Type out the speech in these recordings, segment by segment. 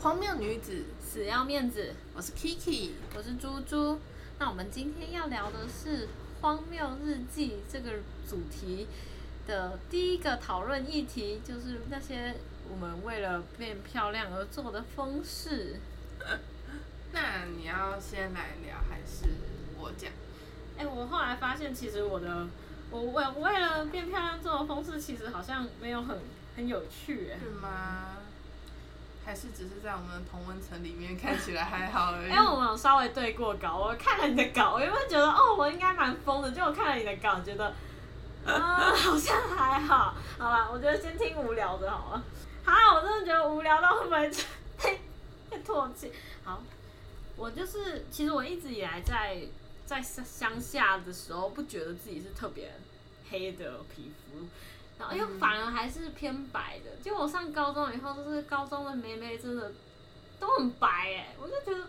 荒謬女子死要面子，我是 Kiki，我是豬豬。那我們今天要聊的是《荒謬日記》這個主題的第一個討論議題，就是那些我們為了變漂亮而做的瘋事。 那你要先來聊還是我講？哎、欸，我後來發現，其實我的我為為了變漂亮做的瘋事，其實好像沒有很很有趣、欸，是嗎？還是只是在我們的同溫層裡面看起來還好而已。因 為、欸、我們有稍微對過稿，我看了你的稿，我有沒有覺得哦，我應該蠻瘋的？就我看了你的稿，覺得啊，好像還好。好吧。我覺得先聽無聊的好了。好、啊，我真的覺得無聊到後面嘿，太唾棄。好，我就是，其實我一直以來在在鄉下的時候，不覺得自己是特別黑的皮膚。然後又反而還是偏白的，就、嗯、我上高中以後，就是高中的妹妹真的都很白哎、欸，我就覺得啊，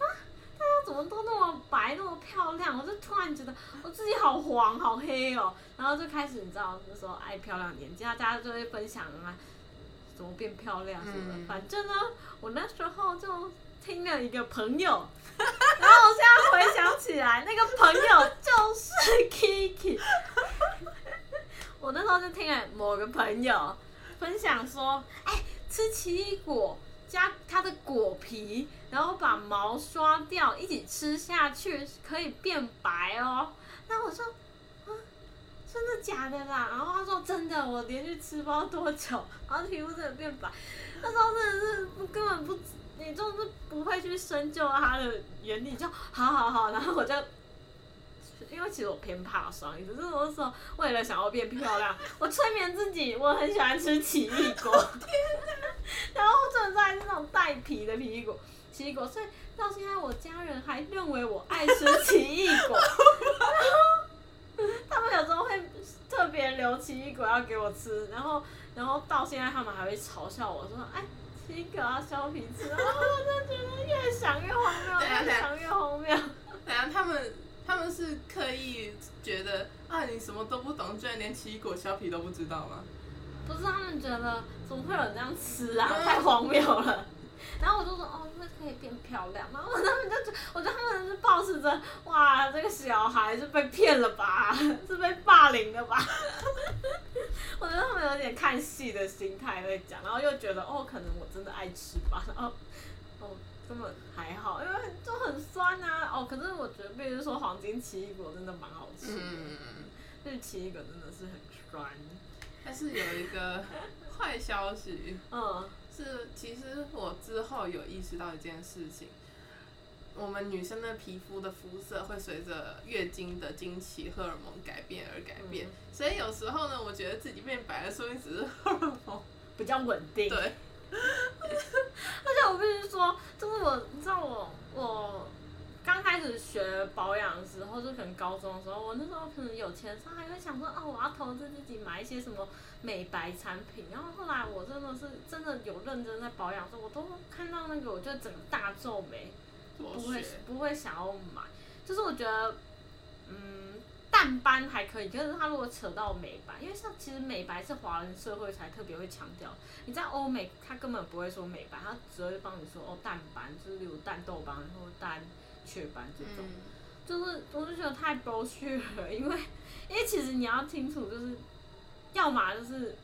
大家怎麼都那麼白那麼漂亮，我就突然覺得我自己好黃好黑哦、喔，然後就開始你知道那時候愛漂亮點，其他大家就會分享啊，怎麼變漂亮什麼的、嗯，反正呢，我那時候就聽了一個朋友，嗯、然後我現在回想起來， 那個朋友就是 Kiki。 我那時候就聽了某個朋友分享說，哎、欸，吃奇異果加它的果皮，然後把毛刷掉，一起吃下去可以變白哦。然後我說，啊，真的假的啦？然後他說真的，我連續吃不知道多久，然後皮膚真的變白。那時候真的是根本不，你就是不會去深究它的原理，就好好好，然後我就。因為其實我偏怕酸，只、就是有時候為了想要變漂亮，我催眠自己我很喜歡吃奇異果、 哦。天哪！然後我最愛那種帶皮的奇異果，奇異果，所以到現在我家人還認為我愛吃奇異果 然後。他們有時候會特別留奇異果要給我吃，然後然後到現在他們還會嘲笑我說：“哎，奇異果要削皮吃。”然後我就覺得越想越荒謬， 越想越荒謬。然後他們。就是可以覺得啊，你什麼都不懂，居然連奇異果削皮都不知道嗎？不是他們覺得，怎麼會有人這樣吃啊？太荒謬了。 然後我就說，哦，那可以變漂亮，然後他們就，我覺得他們是抱持著，哇，這個小孩是被騙了吧？是被霸凌了吧？ 我覺得他們有點看戲的心態在講，然後又覺得，哦，可能我真的愛吃吧。然後根本還好，因為很就很酸啊！哦，可是我覺得，比如說黃金奇異果真的蠻好吃，嗯，但是奇異果真的是很酸。但是有一個壞消息，嗯， 是其實我之後有意識到一件事情，我們女生的皮膚的膚色會隨着月經的經期荷爾蒙改變而改變，嗯，所以有時候呢，我覺得自己變白了，說明只是荷爾蒙比較穩定。對。 而且我跟你說，就是我，你知道我，我剛開始學保養的時候，就可能高中的時候，我那時候可能有錢，他還會想說，哦，我要投資自己買一些什麼美白產品。然後後來我真的是真的有認真在保養的時候，我都看到那個，我就整個大皺眉，就不會不會想要買，就是我覺得，嗯。淡斑還可以，就是他如果扯到美白，因為像其實美白是華人社會才特別會強調。你在歐美，他根本不會說美白，他只會幫你說，哦，淡斑，就是例如淡痘斑或淡雀斑這種。嗯，就是我就覺得太剝削了，因為因為其實你要清楚，就是要麼就是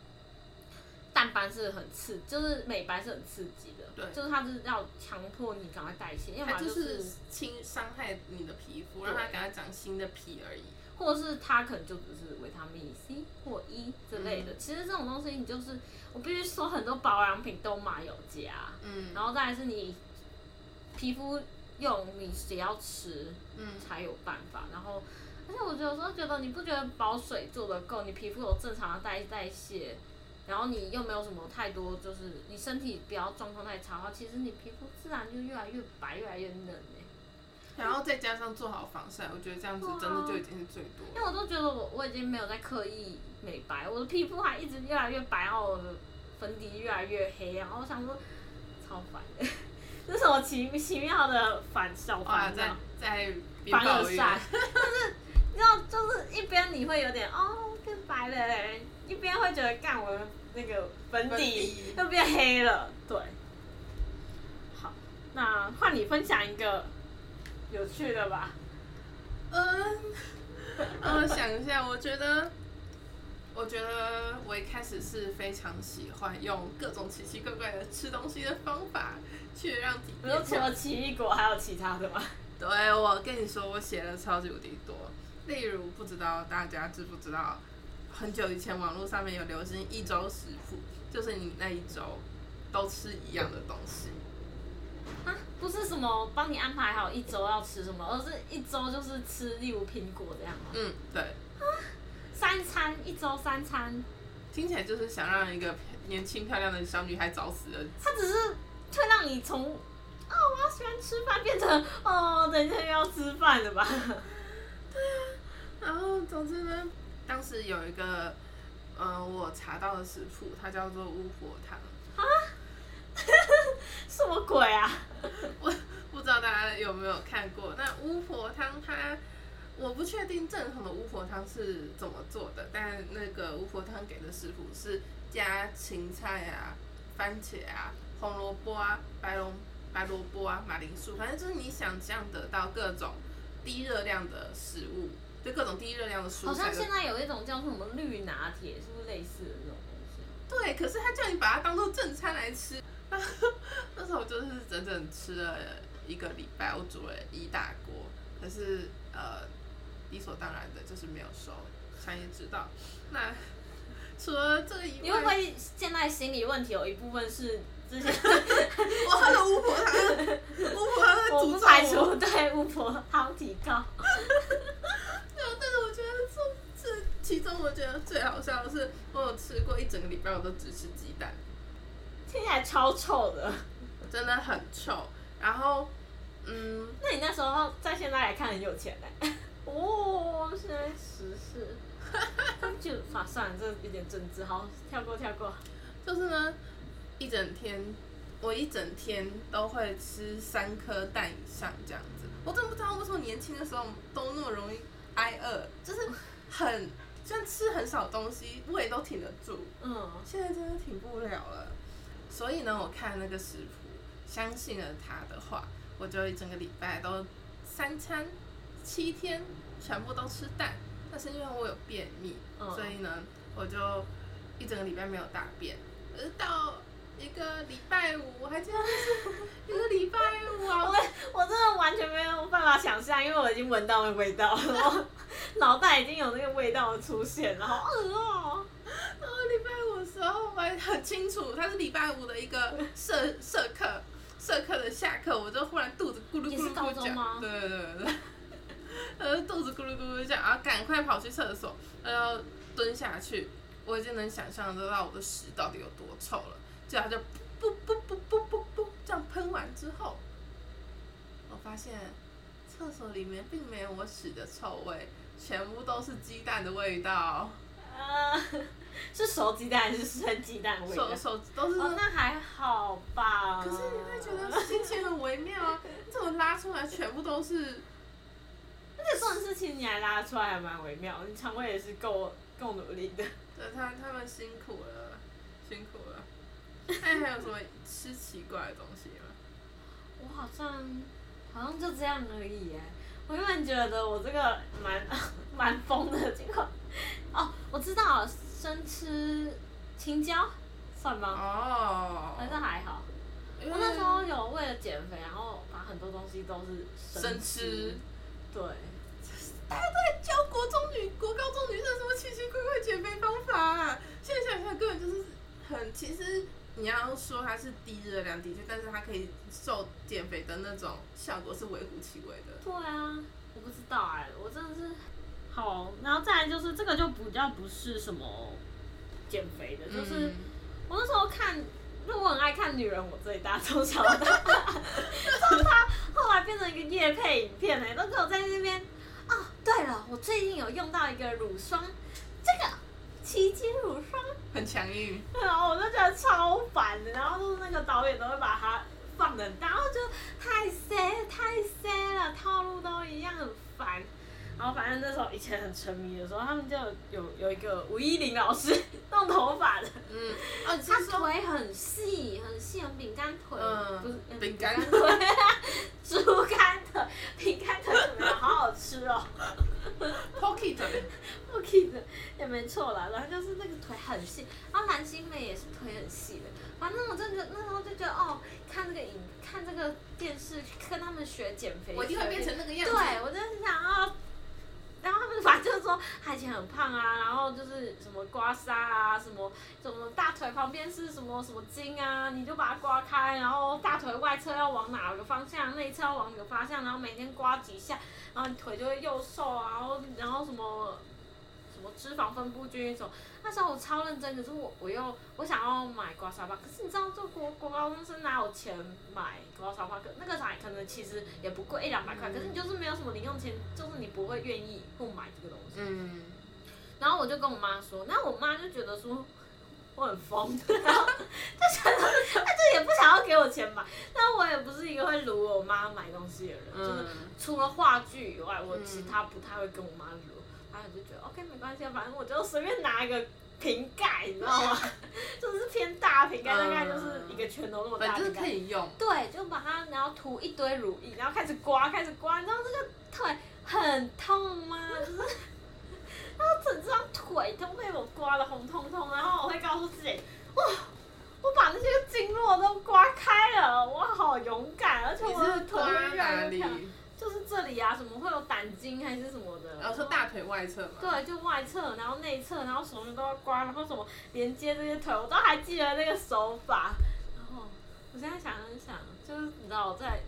淡斑是很刺，就是美白是很刺激的，對，就是他就是要強迫你趕快代謝，要麼就是輕傷害你的皮膚，讓它趕快長新的皮而已。或是它可能就只是維他命 C 或 E 之類的，嗯，其實這種東西你就是，我必須說很多保養品都嘛有加，嗯，然後再來是你皮膚用你也要吃，嗯，才有辦法，嗯。然後，而且我有時候覺得你不覺得保水做得夠，你皮膚有正常的代代謝，然後你又沒有什麼太多就是你身體不要狀況太差的話，其實你皮膚自然就越來越白，越來越嫩，欸然後再加上做好防曬，我覺得這樣子真的就已經是最多。因為我都覺得我我已經沒有在刻意美白，我的皮膚還一直越來越白，然後我的粉底越來越黑，然後我想說，超煩的，這是 我奇奇妙的反效果？在在反而曬， 就是要就是一邊你會有點哦變白了，一邊會覺得幹我的那個粉底又變黑了。對，好，那換你分享一個。有趣的吧？嗯，讓我想一下。我覺得，我覺得我一開始是非常喜歡用各種奇奇怪怪的吃東西的方法去讓自己。除了奇異果，還有其他的嗎？對，我跟你說，我寫的超級無敵多。例如，不知道大家知不知道，很久以前網絡上面有流行一周食譜，就是你那一周都吃一樣的東西。不是什麼幫你安排好一周要吃什麼，而是一周就是吃，例如蘋果這樣。嗯，對。啊？三餐，一周三餐，聽起來就是想讓一個年輕漂亮的小女孩早死的。她只是，卻讓你從，啊、哦，我要喜歡吃飯，變成，哦，等一下又要吃飯了吧。對啊，然後總之呢，當時有一個，呃，我查到的食譜，它叫做巫婆湯。啊？ 什麼鬼啊？ 我不知道大家有沒有看過那巫婆湯，它我不確定正統的巫婆湯是怎麼做的，但那個巫婆湯給的食譜是加芹菜啊、番茄啊、紅蘿蔔啊、白龍白蘿蔔啊、馬鈴薯，反正就是你想象得到各種低熱量的食物，就各種低熱量的食物。好像現在有一種叫做什麼綠拿鐵，是不是類似的那種？對，可是他叫你把它當做正餐來吃。那,那時候我就是整整吃了一個禮拜，我煮了一大鍋，但是呃理所當然的就是沒有熟。他也知道，那除了這個以外，因為現在心理問題有一部分是之前 我喝了巫婆湯、就是，巫婆湯 我,我排除對巫婆湯提告其中我覺得最好笑的是，我有吃過一整個禮拜，我都只吃雞蛋，聽起來超臭的，真的很臭。然後，嗯，那你那時候在現在來看很有錢呢、欸？哦，現在十四， 就發散，這、啊、有點真實，好跳過跳過。就是呢，一整天，我一整天都會吃三顆蛋以上這樣子。我真的不知道為什麼年輕的時候都那麼容易挨餓，就是很。 雖然吃很少東西，胃都挺得住。嗯，現在真的挺不了了。所以呢，我看那個食譜，相信了他的話，我就一整個禮拜都三餐，七天全部都吃蛋。但是因為我有便秘，所以呢，我就一整個禮拜沒有大便，而到。一個禮拜五，我還記得是，一個禮拜五啊！我我真的完全沒有辦法想象，因為我已經聞到那個味道了，腦袋已經有那個味道出現，然後餓哦！ 然後禮拜五的時候，我還很清楚，它是禮拜五的一個社社課，社課的下課，我就忽然肚子咕嚕咕嚕叫，對對對，對，呃， 肚子咕嚕咕嚕叫啊，趕快跑去廁所，然後蹲下去，我已經能想象得到我的屎到底有多臭了。這樣就，噗噗噗噗噗噗噗，這樣噴完之後，我發現廁所裡面並沒有我屎的臭味，全部都是雞蛋的味道。Uh, 是熟雞蛋還是生雞蛋味的？熟熟都是的。哦、oh，那還好吧。可是你會覺得心情很微妙啊！ 你怎麼拉出來全部都是？而且這種事情你還拉出來，還蠻微妙。你腸胃也是夠夠努力的。對，他們他們辛苦了，辛苦了。那、欸、還有什麼吃奇怪的東西嗎？我好像好像就這樣而已哎，我原本覺得我這個蠻蠻瘋的這個哦，我知道生吃青椒算嗎？哦，反正還好因為，我那時候有為了減肥，然後把很多東西都是生吃，生吃，對，大家都在教國中女國高中女生什麼奇奇怪怪減肥方法，啊，現在想想根本就是很其實。你要說它是低熱量的確，但是它可以瘦減肥的那種效果是微乎其微的。對啊，我不知道哎、欸，我真的是好，然後再來就是這個就比較不是什麼減肥的，就是、嗯、我那時候看，如果我很愛看《女人我最大》，都曉得，哈哈哈後來變成一個業配影片哎、欸，都只有在那邊啊。對了，我最近有用到一個乳霜，這個。奇蹟乳霜，很強硬。對、嗯、啊，我就覺得超煩的。然後就是那個導演都會把它放的，然後就太 s a 太 s a 了，套路都一樣，很煩。然後反正那時候以前很沉迷的時候，他們就有有一個吳依林老師，呵呵弄頭髮的。嗯。哦，說他腿很細，很細，很餅乾腿。嗯。不是餅乾腿，豬 肝腿，餅乾腿怎麼好， 好好吃哦。pokey 腿，pokey 也沒錯啦，然後就是那個腿很細，然後藍心湄也是腿很細的，反正我真的那時候就覺得，哦，看這個影，看這個電視，跟他們學減肥學，我一定會變成那個樣子。對，我就是想哦。然後他們反正說他以前很胖啊，然後就是什麼刮痧啊，什麼什麼大腿旁邊是什麼什麼筋啊，你就把它刮開，然後大腿外側要往哪個方向，內側要往哪個方向，然後每天刮幾下，然後你腿就會又瘦啊，然後然後什麼。什麼脂肪分佈均勻，那時候我超認真，可是我我又我想要買刮痧板，可是你知道，做國國高中生哪有錢買刮痧板？可那個啥可能其實也不貴一兩百塊，嗯，可是你就是沒有什麼零用錢，就是你不會願意不買這個東西。嗯、然後我就跟我媽說，那我媽就覺得說我很瘋，然後她覺她就也不想要給我錢買。那我也不是一個會盧，我媽買東西的人、嗯，就是除了話劇以外，我其他不太會跟我媽盧。嗯。然、啊、後就覺得 OK，沒關係，反正我就隨便拿一個瓶蓋，你知道嗎？Oh. 就是偏大的瓶蓋，uh. 大概就是一個拳頭那麼大。就是可以用。對，就把它，然後塗一堆乳液，然後開始刮，開始刮，你知道這個腿很痛嗎？ 然後整張腿都被我刮得紅彤彤，然後我會告訴自己，哇，我把那些經絡都刮開了，我好勇敢，而且我的腿越來越漂亮。就是這裡啊，什麼會有膽經還是什麼的？哦、然後說大腿外側。對，就外側，然後內側，然後什麼都要刮，然後什麼連接那些腿，我都還記得那個手法。然後我現在想一想，就是你知道我在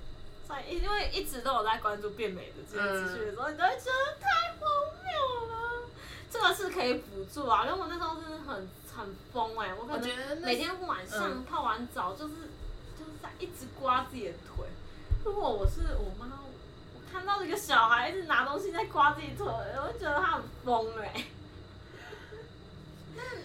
在因為一直都有在關注變美的這個事情的時候，嗯、你都會覺得太荒謬了。這個是可以輔助啊，因為我那時候真的很很瘋哎、欸，我感覺每天晚上、嗯、泡完澡就是就是在一直刮自己的腿。如果我是我媽。看到這個小孩一直拿東西在刮自己腿，我就覺得他很瘋哎、欸。那，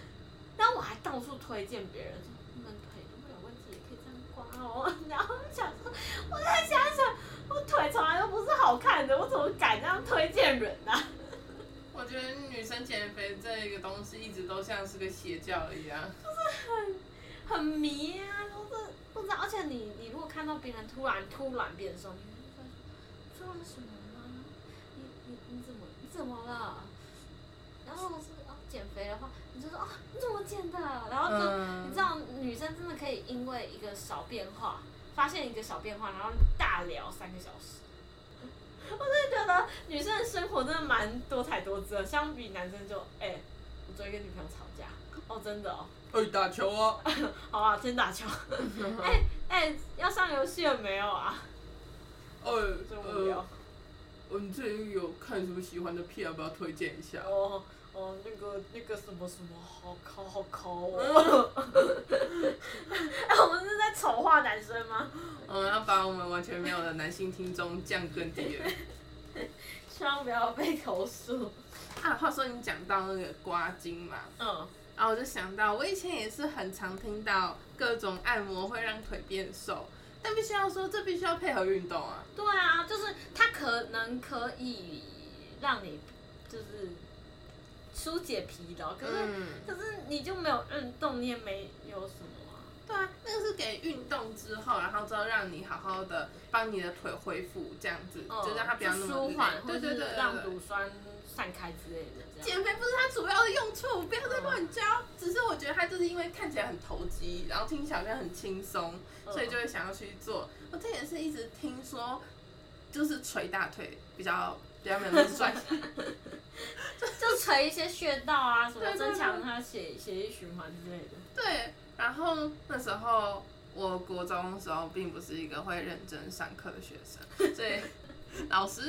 但我還到處推薦別人說，你們腿都會有問題，也可以這樣刮哦、喔。 然後想說，我在想想，我腿從來都不是好看的，我怎麼敢這樣推薦人呢、啊？我覺得女生減肥這個東西一直都像是個邪教一樣，就是很很迷啊，就是不知道。而且你你如果看到別人突然突然變瘦。什麼嗎？你你你怎麼你怎麼了？然後我是啊哦、減肥的話，你就說啊、哦、你怎麼減的？然後就你知道女生真的可以因為一個小變化，發現一個小變化，然後大聊三個小時。我真的覺得女生的生活真的蠻多彩多姿的，相比男生就哎、欸，我昨天跟女朋友吵架哦，真的哦，哎打球哦、啊， 好啊先打球，哎 哎、 欸欸、要上遊戲了沒有啊？哦、欸，真無聊。我、呃、最近有看什麼喜歡的片？要不要推薦一下？哦，哦，那個那個什麼什麼好考好考、哦。哈、 啊、我們是在醜化男生嗎？我、嗯、們要把我們完全沒有的男性聽眾降更低。待，千萬不要被投訴。啊，話說你講到那個刮筋嘛，嗯，然、啊、後我就想到，我以前也是很常聽到各種按摩會讓腿變瘦。這必須要說，這必須要配合運動啊！對啊，就是它可能可以讓你就是疏解疲勞，可是、嗯、可是你就沒有運動，你也沒有什麼啊。對啊，那個是給運動之後，然後之後讓你好好的幫你的腿恢復，這樣子，嗯、就讓它比較、嗯、舒緩，對對對，讓乳酸散開之類的。減肥不是它主要的用處，不要再亂教、嗯。只是我覺得它就是因為看起來很投機，然後聽起來很輕鬆。所以就會想要去做。我這也是一直聽說，就是捶大腿比較比較沒有那麼酸，慢慢 就就捶一些穴道啊什麼增、增強他血血液循環之類的。對。然後那時候，我國中的時候並不是一個會認真上課的學生，所以。 老師，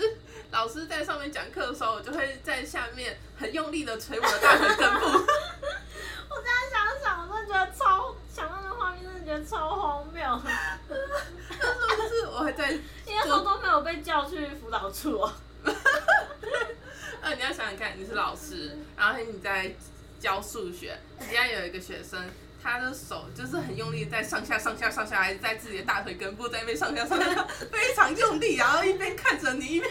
老師在上面講課的時候，我就會在下面很用力地捶我的大腿根部。 我現在想想，我都覺得超，想到那個畫面真的覺得超荒謬。那時候就是我還在，因為好多沒有被叫去輔導處哦、喔。 那你要想想看，你是老師，然後你在教數學，底下有一個學生。他的手就是很用力，在上下上下上下，在自己的大腿根部，在那邊上下上下，非常用力，然後一邊看着你一，一邊，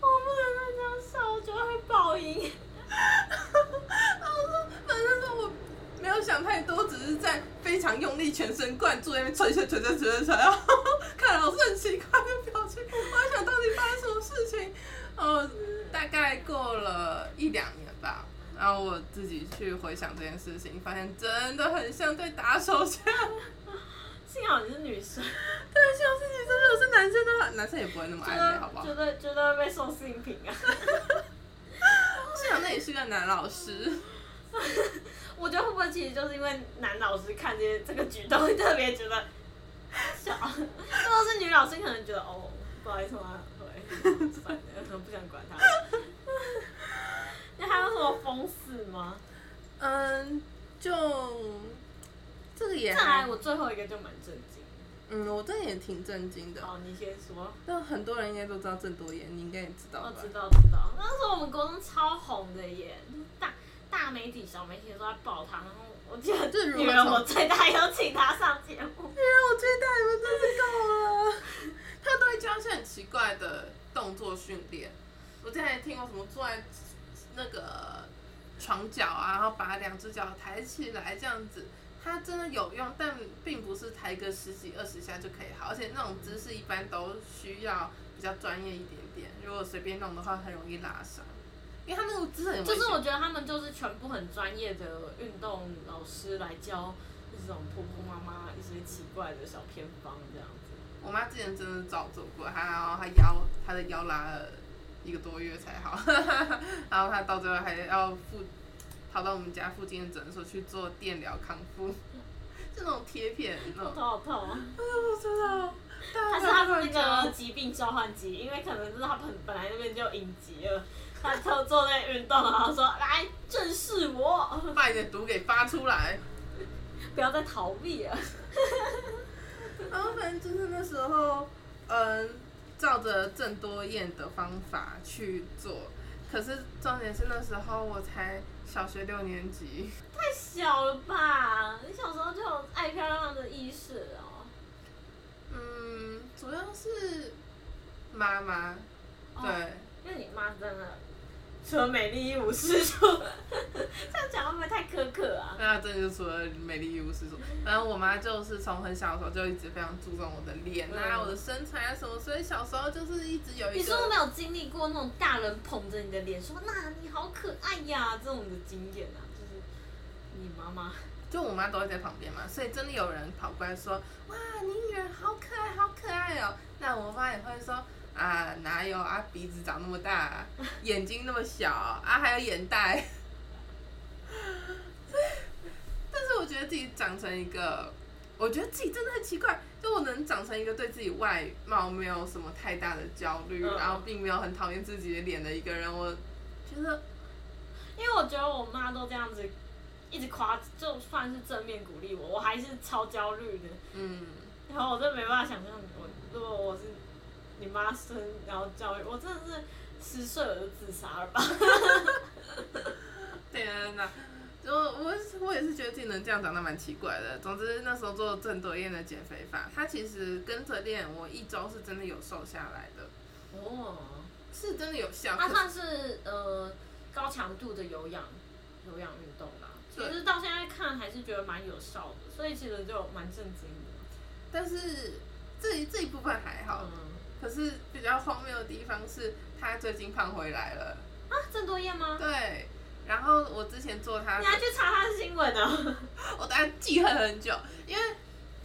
我不能這樣笑，我覺得會報應。我說，反正說我沒有想太多，只是在非常用力全身灌，全神貫注在那捶捶捶捶捶捶，然後看老師很奇怪的表情，我在想到底發生什麼事情。呃，大概過了一兩年吧。然後我自己去回想這件事情，發現真的很像在打手槍。幸好你是女生，但像是你。真的我是男生的話，男生也不會那麼愛你，好不好？覺得覺得，覺得會被送性品啊！幸好那也是個男老師。我覺得會不會其實就是因為男老師看這些這個舉動，會特別覺得笑。如果是女老師你可能覺得哦，不好意思嗎？會算了，不想管他。還 有什麼瘋事嗎？嗯，就這個也看來我最後一個就蠻震驚。嗯，我這也挺震驚的。哦，你先說。那很多人應該都知道鄭多燕，你應該也知道。我知道，知道。那時候我們國中超紅的耶，大大媒體小媒體都在報她。然後我記得就如，女人我最大要請她上節目。女人我最大你們真的夠了。 他都會教一些很奇怪的動作訓練。我之前聽過什麼坐在。那個床腳啊，然後把兩只腳抬起來，這樣子，它真的有用，但並不是抬個十幾二十下就可以好，而且那種姿勢一般都需要比較專業一點點，如果隨便弄的話，很容易拉傷。因為他那個姿勢很，就是我覺得他們就是全部很專業的運動老師來教這種婆婆媽媽一些奇怪的小偏方這樣子。我媽之前真的早做過，她然後她腰她的腰拉了，一個多月才好， 然後他到最後還要附跑到我們家附近的診所去做電療康復，這種貼片，頭好痛,痛啊！哎呀，我知道是他是他那個疾病召喚機，因為可能是他本本來那邊就有隱疾了，他做做那運動，然後說 來正視我，把你的毒給發出來，不要再逃避了。 然後反正就是那時候，嗯。照着鄭多燕的方法去做，可是重點是那時候我才小學六年級，太小了吧？你小時候就有愛漂亮的意識哦？嗯，主要是媽媽、哦，對，因為你媽那你媽真的。除了美麗一無是處，這樣講會不會太苛刻啊？對啊，真的就除了美麗一無是處。然後我媽就是從很小的時候就一直非常注重我的臉吶、啊，我的身材啊什麼，所以小時候就是一直有一個。你有沒有經歷過那種大人捧着你的臉說“那你好可愛呀、啊”這種的經驗啊？就是你媽媽，就我媽都會在旁邊嘛，所以真的有人跑過來說“哇，你女兒好可愛，好可愛哦”，那我媽也會說。啊，哪有啊！鼻子長那麼大，眼睛那麼小啊，還有眼袋。但是我覺得自己長成一個，我覺得自己真的很奇怪，就我能長成一個對自己外貌沒有什麼太大的焦慮，然後並沒有很討厭自己的臉的一個人，我覺得，因為我覺得我媽都這樣子，一直誇，就算是正面鼓勵我，我還是超焦慮的。嗯，然後我就沒辦法想象，我如果我,我是。你媽生，然後教育我，真的是十歲兒子傻了吧？ 天吶、啊，我我我也是覺得自己能這樣長得蠻奇怪的。總之那時候做鄭多燕的減肥法，她其實跟着練，我一周是真的有瘦下來的。哦，是真的有效？它算是呃高強度的有氧有氧運動吧。其實到現在看還是覺得蠻有效的，所以其實就蠻震驚的。但是這一這一部分還好。嗯可是比較荒謬的地方是，他最近胖回來了啊？鄭多燕嗎？對。然後我之前做他，你還去查他的新聞呢、啊？我當然記恨很久，因為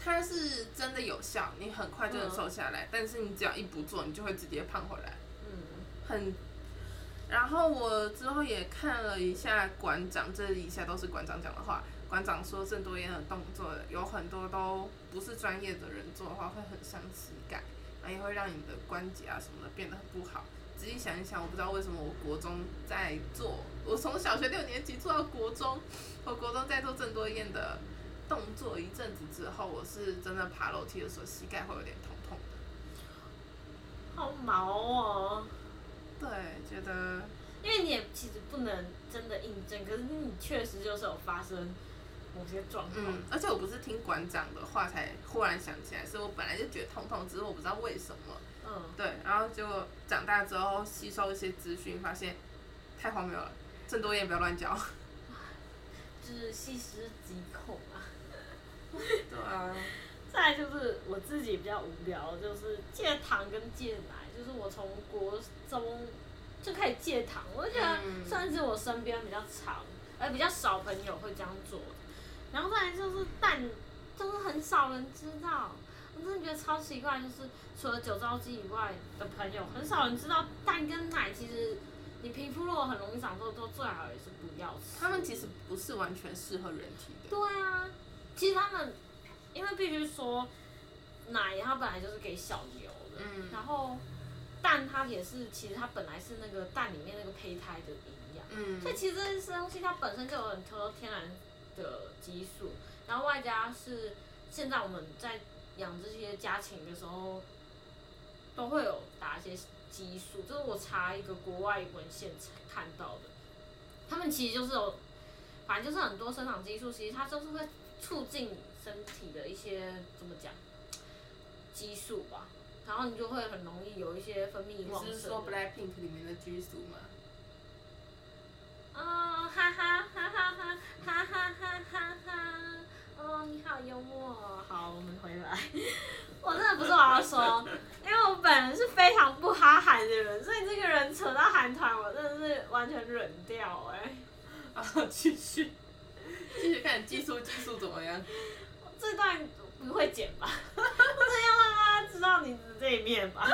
他是真的有效，你很快就能瘦下來、嗯。但是你只要一不做，你就會直接胖回來。嗯，很。然後我之後也看了一下館長、嗯，這一下都是館長講的話。館長說鄭多燕的動作的有很多都不是專業的人做的話會很傷膝蓋。也會讓你的關節啊什麼的變得很不好。仔細想一想，我不知道為什麼，我國中在做，我從小學六年級做到國中，我國中在做鄭多燕的動作一陣子之後，我是真的爬樓梯的時候膝蓋會有點痛痛的，好毛哦。對，覺得，因為你也其實不能真的印證，可是你確實就是有發生。某些狀況、嗯，而且我不是聽館長的話才忽然想起來，是我本來就覺得痛痛，只是我不知道為什麼，嗯，對，然後就長大之後吸收一些資訊，發現太荒謬了，鄭多燕不要亂教。就是細思極恐啊， 對啊，再來就是我自己比較無聊，就是戒糖跟戒奶，就是我從國中就開始戒糖，我覺得算是我身邊比較長，而比較少朋友會這樣做。然後再來，就是蛋，就是很少人知道，我真的覺得超奇怪，就是除了酒糟肌以外的朋友，很少人知道蛋跟奶其實，你皮膚如果很容易長痘痘，最好也是不要吃。它們其實不是完全適合人體的。對啊，其實它們，因為必須說奶，奶它本來就是給小牛的，嗯、然後蛋它也是，其實它本來是那個蛋裡面那個胚胎的營養，嗯，所以其實這些東西它本身就有很多天然。的激素，然後外加是現在我們在養這些家禽的時候，都會有打一些激素，這是我查一個國外文獻才看到的。他們其實就是有，反正就是很多生長激素，其實它就是會促進身體的一些怎麼講激素吧，然後你就會很容易有一些分泌旺盛。不是說 Blackpink 裡面的激素嘛。哦，哈哈哈哈哈哈哈哈哈！哈，哈，哈，哈，哈，哈，哈，哈哦，你好幽默。哦。好，我們回來。 我真的不是我要說，因為我本人是非常不哈韓的人，所以這個人扯到韓團，我真的是完全冷掉哎、欸。好、啊，繼續，繼續看技術技術怎麼樣。這段不會剪吧？ 這要讓他知道你的這一面吧。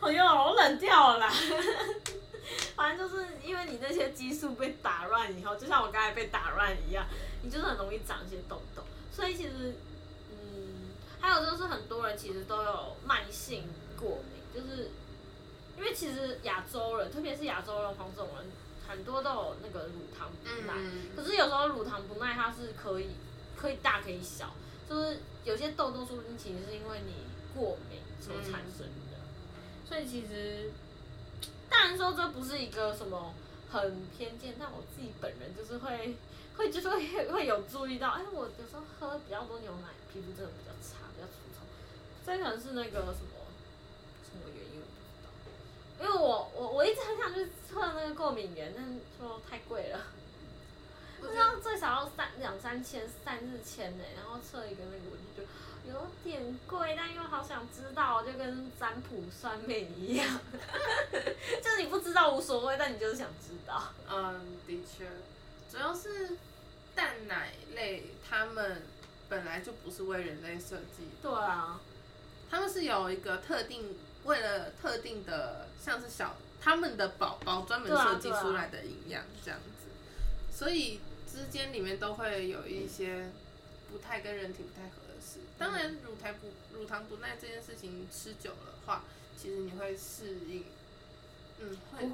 朋 友、嗯，我冷掉了啦。 反正就是因為你那些激素被打亂以後，就像我剛才被打亂一樣，你就是很容易長一些痘痘。所以其實，嗯，還有就是很多人其實都有慢性過敏，就是因為其實亞洲人，特別是亞洲人、黃種人，很多都有那個乳糖不耐。嗯。可是有時候乳糖不耐它是可以可以大可以小，就是有些痘痘說不定其實是因為你過敏所產生的。嗯。所以其實。當然說這不是一個什麼很偏見，但我自己本人就是會會就是會會有注意到，哎，我有時候喝比較多牛奶，皮膚真的比較差，比較粗糙。這可能是那個什麼什麼原因我不知道，因為我我我一直很想去測那個過敏源，但是說太貴了，那要最少要三兩三千、三四千呢，然後測一個那個我就覺得。有點貴，但又好想知道，就跟占卜算命一樣， 就是你不知道無所謂，但你就是想知道。嗯，的確，主要是蛋奶類，他們本來就不是為人類設計。對啊，他們是有一個特定為了特定的，像是小他們的寶寶專門設計出來的營養這樣子，對啊，對啊，所以之間裡面都會有一些不太跟人體不太合。當然乳臺，乳糖不乳糖不耐這件事情吃久了的話，其實你會適應，嗯會、oh.，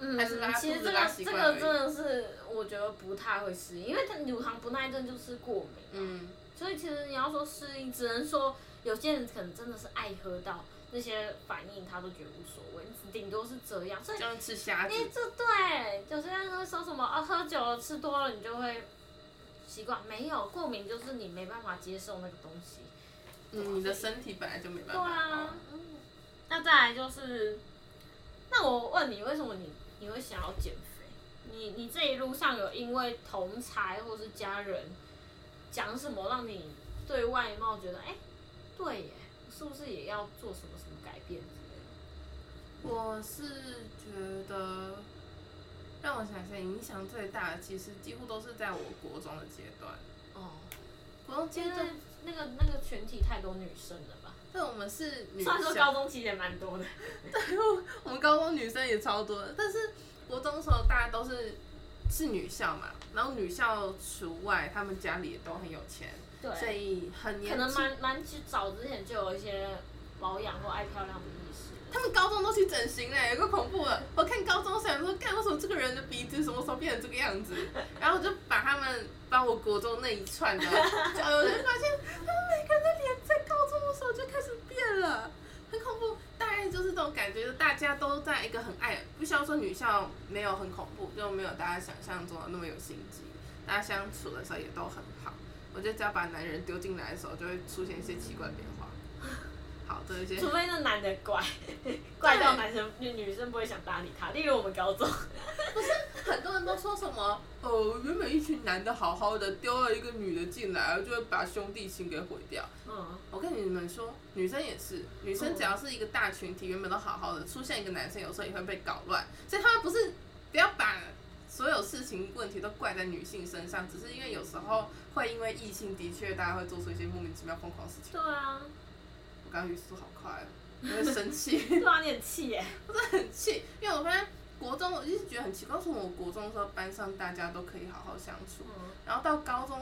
嗯其實這個這個真的是我覺得不太會適應，因為它乳糖不耐症就是過敏、啊、嗯，所以其實你要說適應，只能說有些人可能真的是愛喝到那些反應，他都覺得無所謂，頂多是這樣。所以樣吃蝦子，你這對，就像說什麼啊，喝酒了吃多了你就會。習慣沒有過敏，就是你沒辦法接受那個東西、嗯，你的身體本來就沒辦法。對啊，哦嗯、那再來就是，那我問你，為什麼你你會想要減肥？你你這一路上有因為同儕、或是家人講什麼，讓你對外貌覺得哎，對耶，是不是也要做什麼什麼改變之類的？我是覺得。讓我想想，影響最大的其實幾乎都是在我國中的階段。哦，國中階段那個那個群體太多女生了吧？但我們是女生說高中其實也蠻多的，對我，我們高中女生也超多的。但是國中的時候大家都是是女校嘛，然後女校除外，他們家裡也都很有錢，對，所以很年輕可能蠻蠻早之前就有一些保養或愛漂亮他們高中都去整形了。欸、有個恐怖的，我看高中的時候說，我看幹，為什麼這個人的鼻子什麼時候變成這個樣子？然後我就把他們，把我國中那一串的，然後我就有人發現，他們每個人的臉在高中的時候就開始變了，很恐怖。大概就是這種感覺，大家都在一個很愛，不需要說女校沒有很恐怖，就沒有大家想象中的那麼有心機。大家相處的時候也都很好，我覺得只要把男人丟進來的時候，就會出現一些奇怪的變化。好，這些除非那男的怪，怪到男生女女生不會想搭理他。例如我們高中，不是很多人都說什麼，哦、呃，原本一群男的好好的，丟了一個女的進來，就會把兄弟情給毀掉。嗯，我跟你們說，女生也是，女生只要是一個大群體，原本都好好的，嗯、出現一個男生，有時候也會被搞亂。所以他們不是不要把所有事情問題都怪在女性身上，只是因為有時候會因為異性的確，大家會做出一些莫名其妙瘋狂、狂的事情。對啊。剛語速好快，我 很生氣。是你很氣耶？我 是很氣，因為我發現國中我一直覺得很奇怪，為什麼我國中的時候班上大家都可以好好相處，嗯、然後到高中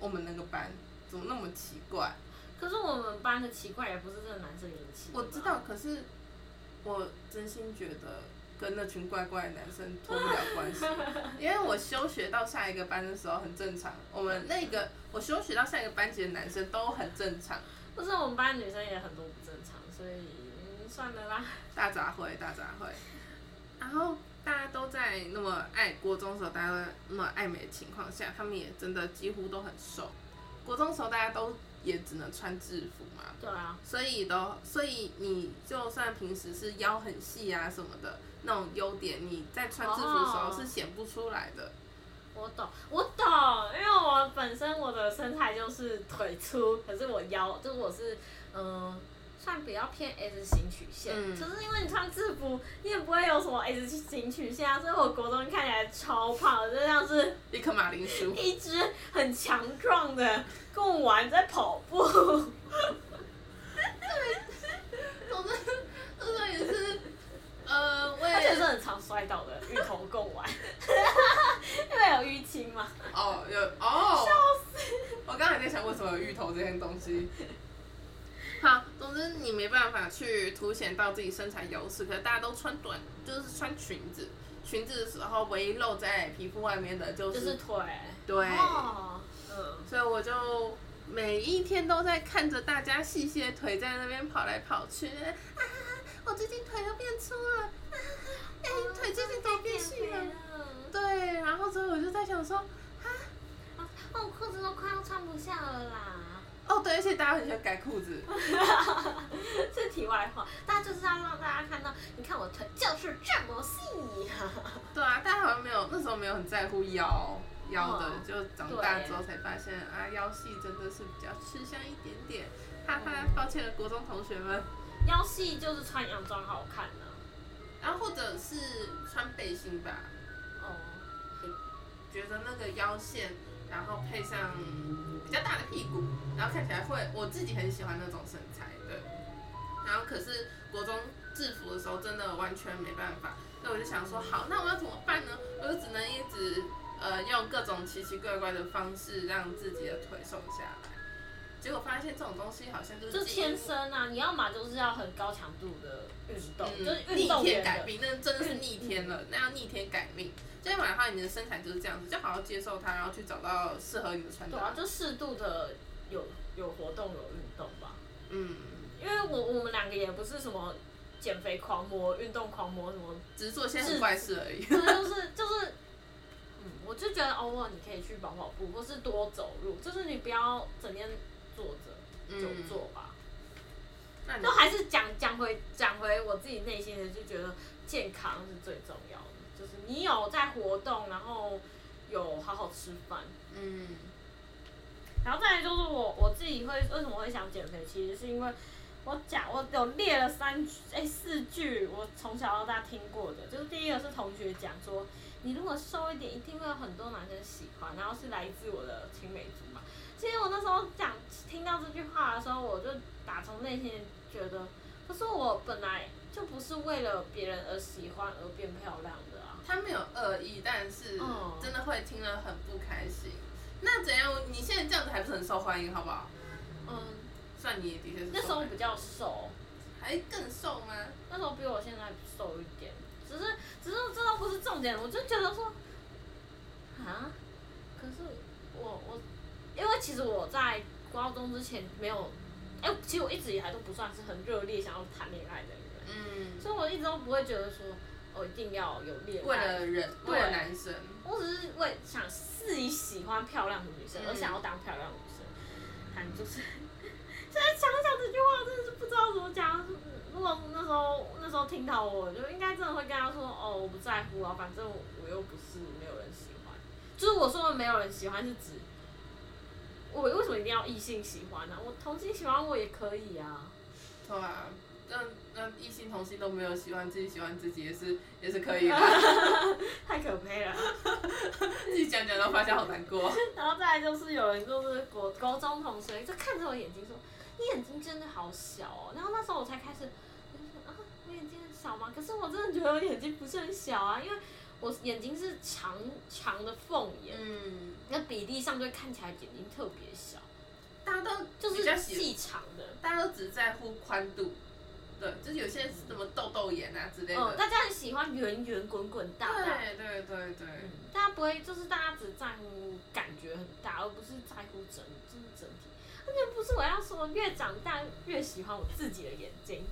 我們那個班怎麼那麼奇怪？可是我們班的奇怪也不是這個男生引起的。我知道，可是我真心覺得跟那群怪怪的男生脫不了關係， 因為我休學到下一個班的時候很正常。我們那個我休學到下一個班級的男生都很正常。不是我們班女生也很多不正常，所以算了啦，大雜燴，大雜燴。然後大家都在那麼愛，國中的時候，大家都那麼愛美的情況下，他們也真的幾乎都很瘦。國中的時候大家都也只能穿制服嘛。對啊。所以都，所以你就算平時是腰很細啊什麼的那種優點，你在穿制服的時候是顯不出來的。Oh. 我懂，我懂，因為我本身我的身材就是腿粗，可是我腰就是我是，嗯、呃，算比較偏 S 型曲線，嗯、可是因為你穿制服，你也不會有什麼 S 型曲線啊，所以我國中看起來超胖，就像是一顆馬鈴薯，一隻很強壯的貢丸在跑步， 哈哈呃，我也是很常摔倒的， 芋頭夠購玩，哈哈哈哈，因為有淤青嘛。哦、oh,，有哦，笑死！我剛才在想為什麼有芋頭這件東西。好，總之你沒辦法去凸顯到自己身材優勢，可是大家都穿短，就是穿裙子，裙子的時候唯一露在皮膚外面的、就是、就是腿。對。哦、oh,。嗯。所以我就每一天都在看着大家細細的腿在那邊跑來跑去。啊我、哦、最近腿又變粗了，哎、啊哦，腿最近怎麼變細了、哦、了？對，然後所以我就在想說，啊、哦，我褲子都快要穿不下了啦。哦，對，而且大家很喜歡改褲子。這是題外話，大家就是要讓大家看到，你看我的腿就是這麼細、啊。對啊，大家好像沒有那時候沒有很在乎腰腰的、哦，就長大之後才發現啊腰細真的是比較吃香一點點。哈哈、嗯，抱歉了，國中同學們。腰細就是穿洋裝好看呢、啊，然、啊、後或者是穿背心吧。哦，覺得那個腰線，然後配上比較大的屁股，然後看起來會，我自己很喜歡那種身材，對，然後可是國中制服的時候真的完全沒辦法，所以我就想說，好，那我要怎麼辦呢？我就只能一直呃用各種奇奇怪怪的方式讓自己的腿瘦下來。結果發現這種東西好像就是天生啊！你要嘛就是要很高強度的運動，嗯，就是動的逆天改命，那真的是逆天了，嗯嗯。那要逆天改命，今天晚上你的身材就是這樣子，就好好接受它，然後去找到適合你的穿，啊、搭、啊。對啊，就適度的有有活動有運動吧。嗯，因為我我們兩個也不是什麼減肥狂魔、運動狂魔，什麼只是做一些很怪事而已。是 就是就是，嗯，我就覺得偶爾、哦，你可以去跑跑步，或是多走路，就是你不要整天，坐着就坐吧，嗯、就都還是講講回講回我自己內心的，就覺得健康是最重要的。就是你有在活動，然後有好好吃飯，嗯。然後再來就是我我自己會為什麼會想減肥，其實是因為我講我有列了三哎、欸、四句我從小到大聽過的，就是第一個是同學講說，你如果瘦一點，一定會有很多男生喜歡，然後是來自我的青梅竹馬。其實我那時候講聽到這句話的時候，我就打從內心覺得，可是我本來就不是為了別人而喜歡而變漂亮的啊。他沒有惡意，但是真的會聽了很不開心。嗯。那怎樣？你現在這樣子還不是很受歡迎，好不好？嗯，算你的確是。那時候比較瘦，還更瘦嗎？那時候比我現在瘦一點，只是只是這都不是重點，我就覺得說，啊，可是我我。因為其實我在高中之前沒有，哎、欸，其實我一直以來都不算是很熱烈想要談戀愛的人，嗯，所以我一直都不會覺得說，我、哦、一定要有戀愛。為了人，對，為了男生，我只是為想自己喜歡漂亮的女生、嗯、而想要當漂亮的女生，反正就是現在、嗯、 想想這句話，真的是不知道怎麼講。如果那時候那時候聽到我，就應該真的會跟他說，哦，我不在乎啊，反正我又不是沒有人喜歡。就是我說的沒有人喜歡，是指。我為什麼一定要異性喜歡呢、啊？我同性喜歡我也可以啊。對、嗯、啊，那那異性同性都沒有喜歡，自己喜歡自己也是也是可以的、啊。 太可悲了，自己講講都發現好難過、啊。 然後再來就是有人就是國高中同學，就看着我眼睛說：“你眼睛真的好小。”哦’。然後那時候我才開始，我就說：“啊，我眼睛很小嗎？”可是我真的覺得我眼睛不是很小啊，因為。我眼睛是長長的鳳眼，嗯，那比例上就會看起來眼睛特別小，大家都就是細長的，大家都只在乎寬度，對，就是有些人是什麼豆豆眼啊之類的，嗯哦、大家很喜歡圓圓滾滾大，對對對對、嗯，大家不會就是大家只在乎感覺很大，而不是在乎整就是整體，完全不是。我要說越長大越喜歡我自己的眼睛，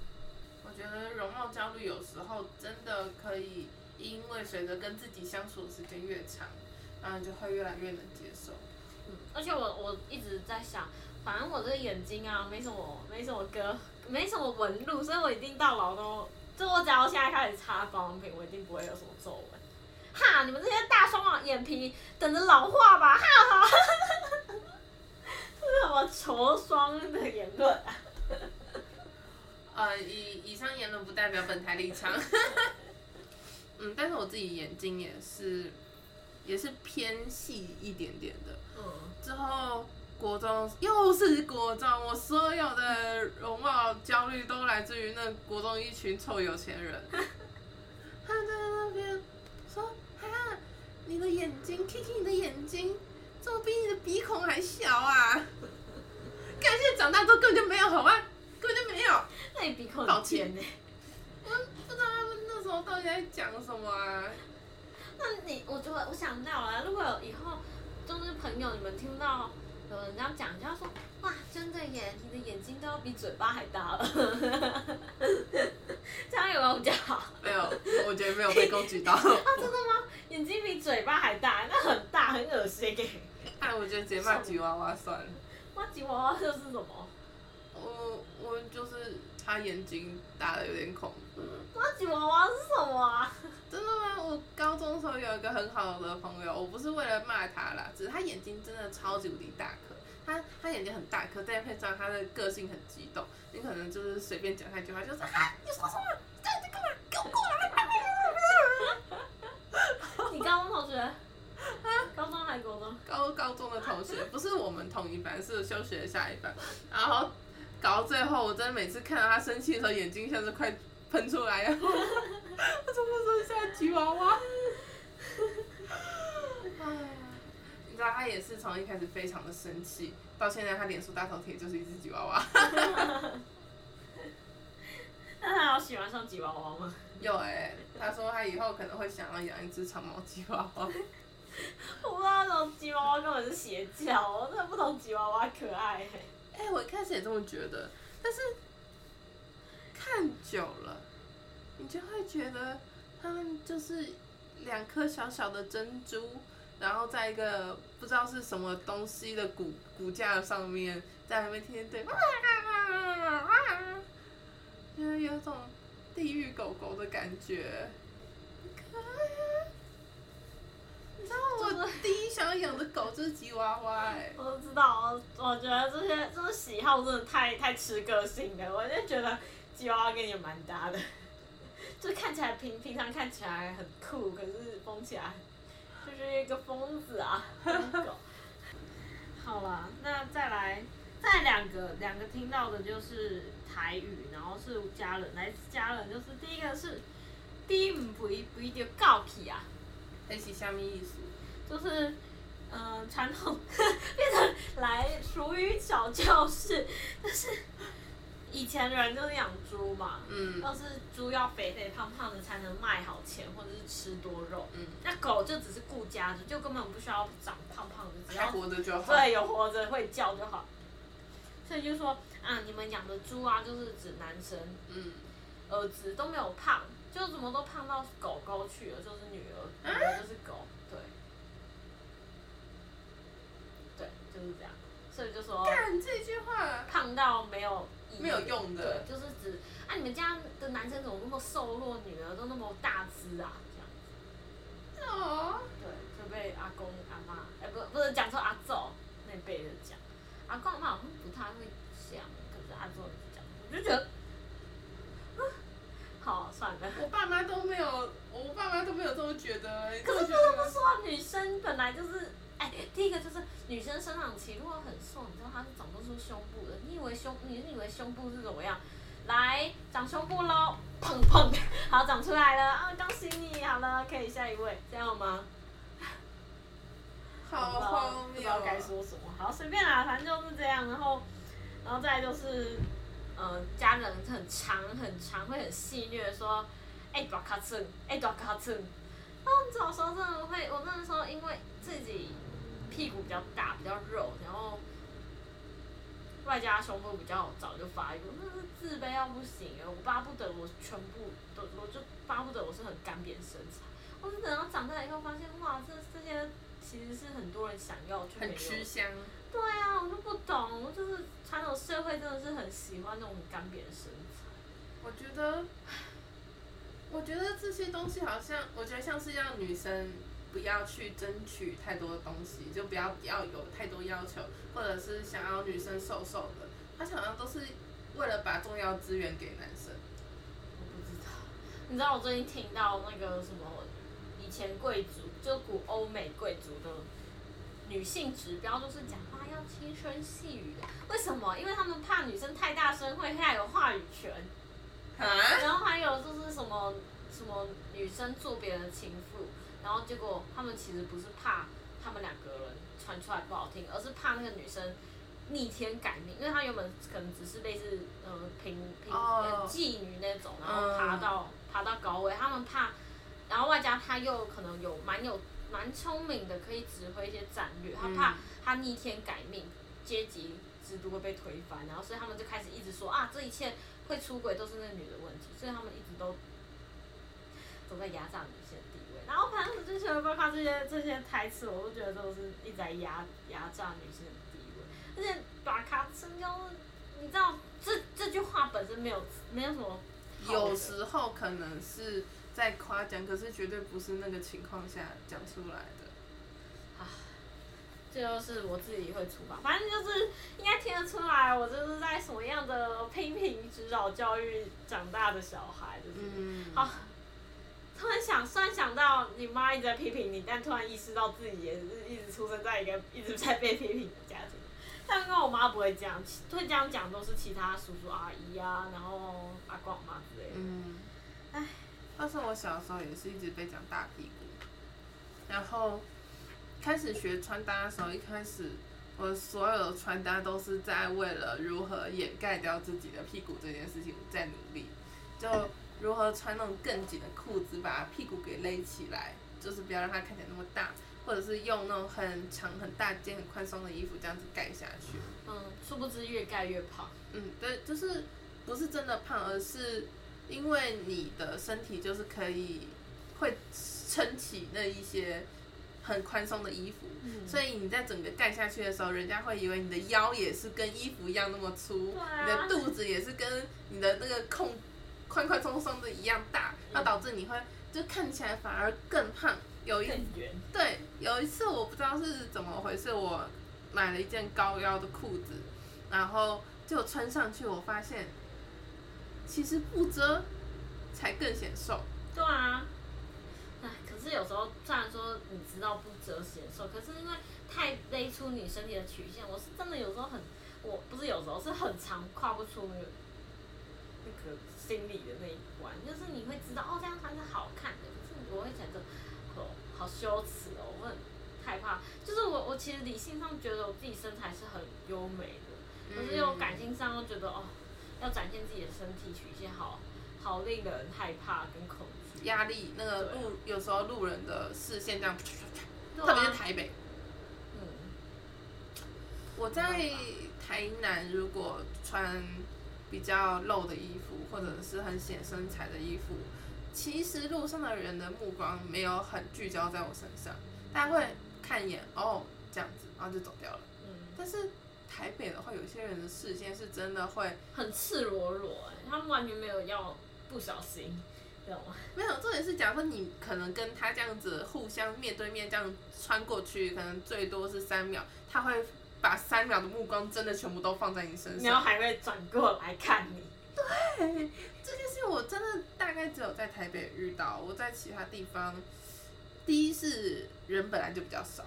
我覺得容貌焦慮有時候真的可以。因為隨着跟自己相處的時間越長，然後就會越來越能接受。嗯，而且我我一直在想，反正我這個眼睛啊，沒什麼沒什麼歌，沒什麼紋路，所以我一定到老都，就我只要現在開始擦保養品我一定不會有什麼皺紋。哈，你們這些大雙眼皮等着老化吧！哈哈哈，這是什麼仇雙的言論啊，呃，以以上言論不代表本台立場。 嗯，但是我自己眼睛也是，也是偏細一點點的。嗯，之後國中又是國中，我所有的容貌焦慮都來自於那國中一群臭有錢人。他 在那邊說：“哈，你的眼睛，Kiki，你的眼睛怎麼比你的鼻孔還小啊？”感 謝長大之後根本就沒有好啊，根本就沒有。那你鼻孔好尖呢。我、嗯、不知道他們我到底在講什麼啊？那你我覺得我想到啊，如果有以後就是朋友，你們聽到有人這樣講，就要說哇，真的耶，你的眼睛都要比嘴巴還大了。 這樣有沒有比較好？沒有，我覺得沒有被攻擊到。 啊，真的嗎？眼睛比嘴巴還大，那很大，很噁心耶。哎、啊，我覺得直接罵吉娃娃算了。罵吉娃娃就是什麼？我我就是他眼睛大得有點恐怖。超級娃娃是什麼啊？真的嗎？我高中的時候有一個很好的朋友，我不是為了罵他啦，只是他眼睛真的超級無敵大顆。他他眼睛很大顆，大家可以知道他的個性很激動，你可能就是隨便講他一句話，就是啊，你說什麼？你在幹嘛？給我過來！ 你高中同學？啊，高中還高中？高高中的同學，不是我們同一班，是休學下一班。然後搞到最後，我真的每次看到他生氣的時候，眼睛像是快。噴出來，然後我怎麼說像吉娃娃？哎呀，你知道他也是從一開始非常的生氣，到現在他臉書大頭貼就是一隻吉娃娃 。但他還有喜歡上吉娃娃嗎？有哎、欸，他說他以後可能會想要養一只長毛吉娃娃 。我不知道那種吉娃娃根本是邪教，我真的不懂吉娃娃可愛。哎，我一開始也這麼覺得，但是。看久了，你就會覺得他們就是兩顆小小的珍珠，然後在一個不知道是什麼東西的骨骨架上面，在那邊天天對哇哇哇，就有一種地獄狗狗的感覺，可愛啊！你知道我第一想要養的狗就是吉娃娃哎、欸！我知道，我我覺得這些這種、就是、喜好，真的太太吃個性了，我就覺得。交跟你也蠻搭的，就看起來平平常，看起來很酷，可是瘋起來就是一個瘋子啊！嗯、 好了，那再來再兩個兩個聽到的就是台語，然後是家人來家人，就是第一個是“低唔不一到告去啊”，這是什麼意思？就是傳、呃、統呵呵變成來俗語小教室，但是。以前人就是養豬嘛，嗯，要是豬要肥肥胖胖的才能賣好錢，或者是吃多肉。嗯，那狗就只是顧家，就，就根本不需要長胖胖的，只要活著就好。對，有活着會叫就好。 所以就說啊，你們養的豬啊，就是指男生，嗯，兒子都沒有胖，就怎麼都胖到狗狗去了，就是女兒，啊、女兒就是狗，對，對，就是這樣。所以就說，看這句話，胖到沒有。.沒有用的，就是指啊，你們家的男生怎麼那麼瘦弱，女兒都那麼大隻啊，這樣子。哦、oh.，對，就被阿公阿嬤，哎、欸、不不是講錯，阿祖那輩的講，阿公阿嬤好像不太會講，可是阿祖講，我就覺得，好、啊、算了。我爸媽都沒有，我爸媽都沒有這麼覺得、欸，可是，就是他們說女生本來就是。哎，第一個就是女生生長期，如果很瘦，你知道她是長不出胸部的。你以為胸，你以為胸部是怎麼樣？來長胸部咯，砰砰，好長出來了啊！恭喜你，好了，可以下一位，這樣嗎？好荒謬，不，不知道該說什麼。好，隨便啦，反正就是這樣。然後，然後再就是，呃，家人很常很常，會很戲謔說，哎、欸，大尻川，哎、欸，大尻川。然後小時候真的會，我那個時候因為自己。屁股比較大，比較肉，然後外加胸部比較早就發育，那是自卑到不行啊！我巴不得我全部都，我就巴不得我是很乾癟身材。我就等到長大以後，發現哇，這這些其實是很多人想要，去很吃香。對啊，我就不懂，我就是傳統社會真的是很喜歡那種乾癟身材。我覺得，我覺得這些東西好像，我覺得像是讓女生。不要去爭取太多東西，就不要不要有太多要求，或者是想要女生瘦瘦的，他想要都是為了把重要資源給男生。我不知道，你知道我最近聽到那個什麼，以前貴族，就古歐美貴族的女性指標就是講話要輕聲細語的。為什麼？因為他們怕女生太大聲會害有話語權。啊？然後還有就是什麼什麼女生做別人情婦。然後結果他們其實不是怕他們兩個人傳出來不好聽，而是怕那個女生逆天改命，因為她原本可能只是類似嗯平平妓女那種，然後爬到、Oh. 爬到高位，他們怕，然後外加她又可能有蠻有蠻聰明的，可以指揮一些戰略，她怕她逆天改命，階級制度會被推翻，然後所以他們就開始一直說啊這一切會出軌都是那個女的問題，所以他們一直都都在壓榨女性。然後平時就喜歡八卦這些這些台詞，我都覺得都是在壓壓榨女性的地位。而且大咖真要、就是，你知道這這句話本身沒有沒有什麼。有時候可能是在誇獎，可是絕對不是那個情況下講出來的。啊，這就是我自己會出發，反正就是應該聽得出來，我就是在什麼樣的批評指導教育長大的小孩，就是、嗯、好。突然想，突然想到你媽一直在批評你，但突然意識到自己也是一直出生在一個一直在被批評的家庭。但因為我媽不會這樣，會這樣講都是其他叔叔阿姨啊，然後阿公阿媽之類的。嗯，哎，但是我小時候也是一直被講大屁股，然後開始學穿搭的時候，一開始我所有的穿搭都是在為了如何掩蓋掉自己的屁股這件事情在努力，就。嗯如何穿那種更緊的褲子，把屁股給勒起來，就是不要讓它看起來那麼大，或者是用那種很長、很大件、很寬鬆的衣服這樣子蓋下去。嗯，殊不知越蓋越胖。嗯，對，就是不是真的胖，而是因為你的身體就是可以會撐起那一些很寬鬆的衣服，嗯，所以你在整個蓋下去的時候，人家會以為你的腰也是跟衣服一樣那麼粗，啊、你的肚子也是跟你的那個空。寬寬鬆鬆的一樣大，那導致你會就看起來反而更胖。有一，更圓。對，有一次我不知道是怎麼回事，我買了一件高腰的褲子，然後就穿上去，我發現其實不遮才更顯瘦。對啊，唉，可是有時候雖然說你知道不遮顯瘦，可是因為太勒出你身體的曲線，我是真的有時候很，我不是有時候是很常跨不出那個。那個心理的那一關，就是你會知道哦，這樣穿是好看的，可是我會覺得、這個、哦，好羞恥哦，我很害怕。就是我，我其實理性上覺得我自己身材是很優美的，可、嗯、是我感性上又覺得哦，要展現自己的身體曲線，一些好好令人害怕跟恐懼，壓力。那個路有時候路人的視線這樣，啊、啥啥啥特別是台北。嗯，我在台南如果穿。比較露的衣服，或者是很顯身材的衣服，其實路上的人的目光沒有很聚焦在我身上，大家會看一眼，哦，這樣子，然後就走掉了。嗯，但是台北的話，有些人的視線是真的會很赤裸裸，欸，他們完全沒有要不小心，懂嗎？沒有，重點是，假如說你可能跟他這樣子互相面對面這樣穿過去，可能最多是三秒，他會，把三秒的目光真的全部都放在你身上，然後還會轉過來看你。對，這件事我真的大概只有在台北遇到。我在其他地方，第一是人本來就比較少，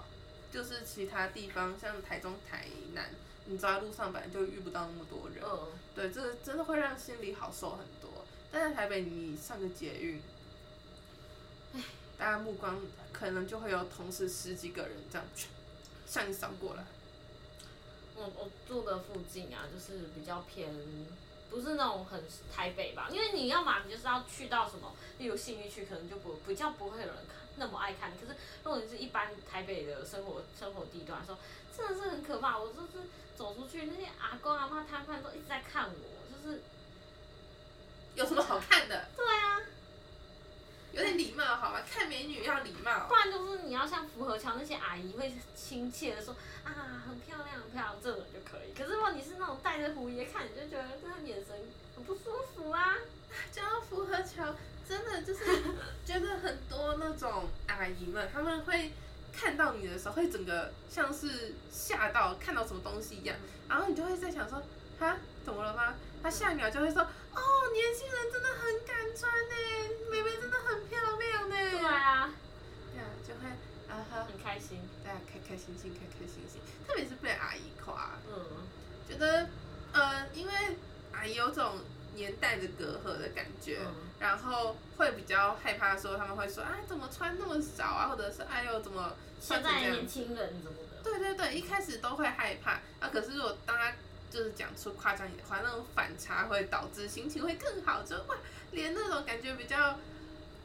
就是其他地方像台中、台南，你走在路上本來就遇不到那麼多人。嗯、對，這個真的會讓心裡好受很多。但在台北，你上個捷運，哎，大家目光可能就會有同時十幾個人這樣向你掃過來。我我住的附近啊，就是比較偏，不是那種很台北吧，因為你要嘛，你就是要去到什麼，例如信義區，可能就不比較不會有人看，那麼愛看。可是如果你是一般台北的生活生活地段的時候，說真的是很可怕，我就是走出去那些阿公阿嬤他們都一直在看我，就是有什麼好看的？ 對啊。有點禮貌好嗎？看美女要禮貌，喔，不然就是你要像福和橋那些阿姨會親切的說啊，很漂亮，很漂亮，這種就可以。可是如果你是那種帶着狐疑看，你就覺得這個眼神很不舒服啊。講到福和橋，真的就是覺得很多那種阿姨們， 他們會看到你的時候會整個像是嚇到看到什麼東西一樣，然後你就會在想說啊，怎麼了嗎？他下一秒就會說哦，年輕人真的很敢穿呢，欸。很開心，大家開開心心，開開心心，特別是被阿姨誇，嗯，覺得，呃，因為阿姨有這種年代的隔閡的感覺，嗯，然後會比較害怕，說他們會說啊，怎麼穿那麼少啊，或者是哎呦怎麼這現在年輕人怎麼的，對對對，一開始都會害怕，啊，可是如果大家就是講出誇張一點的話，那種反差會導致心情會更好，就會連那種感覺比較。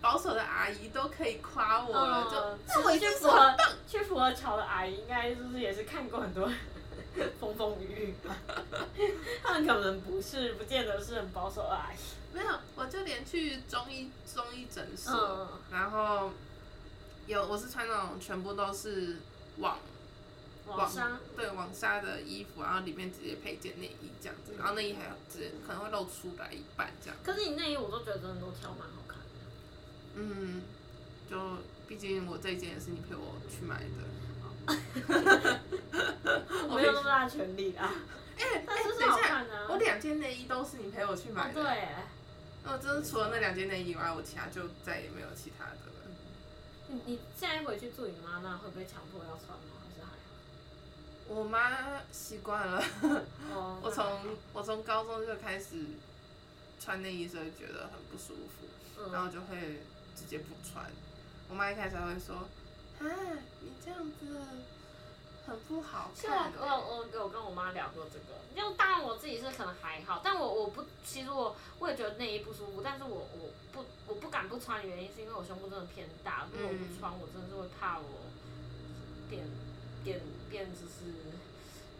保守的阿姨都可以誇我了，嗯、就去福和去福和橋的阿姨應該就是也是看過很多 風風雨雨吧， 他們可能不是不見得是很保守的阿姨。沒有，我就連去中醫中醫診所、嗯，然後有我是穿那種全部都是網網紗，對網紗的衣服，然後裡面直接配件內衣這樣子，然後內衣還要直接可能會露出來一半這樣。可是你內衣我都覺得真的都挑蠻。嗯，就畢竟我這一件也是你陪我去買的，我 沒有那麼大權利啊。哎、欸、哎、啊欸欸，等下、啊、我兩件內衣都是你陪我去買的。對。那、哦、我真的除了那兩件內衣以外，我其他就再也沒有其他的了。你你現在回去住你媽那，會不會強迫要穿嗎？還是還好？我媽習慣了。Oh, 我從、okay. 我從高中就開始穿內衣，所以覺得很不舒服，嗯、然後就會。直接不穿，我媽一開始還會說，啊，你這樣子很不好看。就我有我我跟我媽聊過這個，就當然我自己是可能還好，但我我不，其實我我也覺得內衣不舒服，但是我我不我不敢不穿的原因是因為我胸部真的偏大，嗯，如果我不穿，我真的是會怕我變變變就是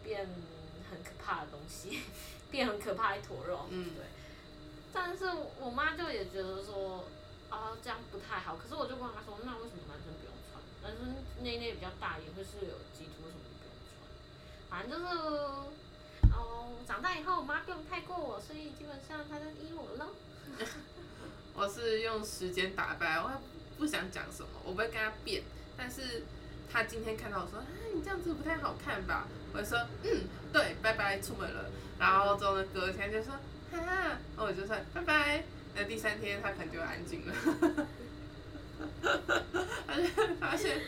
變很可怕的東西，變很可怕一坨肉。嗯，對。但是我媽就也覺得說。哦，這樣不太好。可是我就跟他說，那為什麼男生不用穿？男生內內比較大，也會是有基礎為什麼不用穿？反正就是，哦，長大以後我媽不用太過我，所以基本上她在依我了。我是用時間打敗，我也不想講什麼，我不會跟他辯。但是他今天看到我說，啊，你這樣子不太好看吧？我就說，嗯，對，拜拜，出門了。然後之後呢，隔天就說，哈哈，我就說，拜拜。那第三天他可能就安靜了，哈哈，而且發現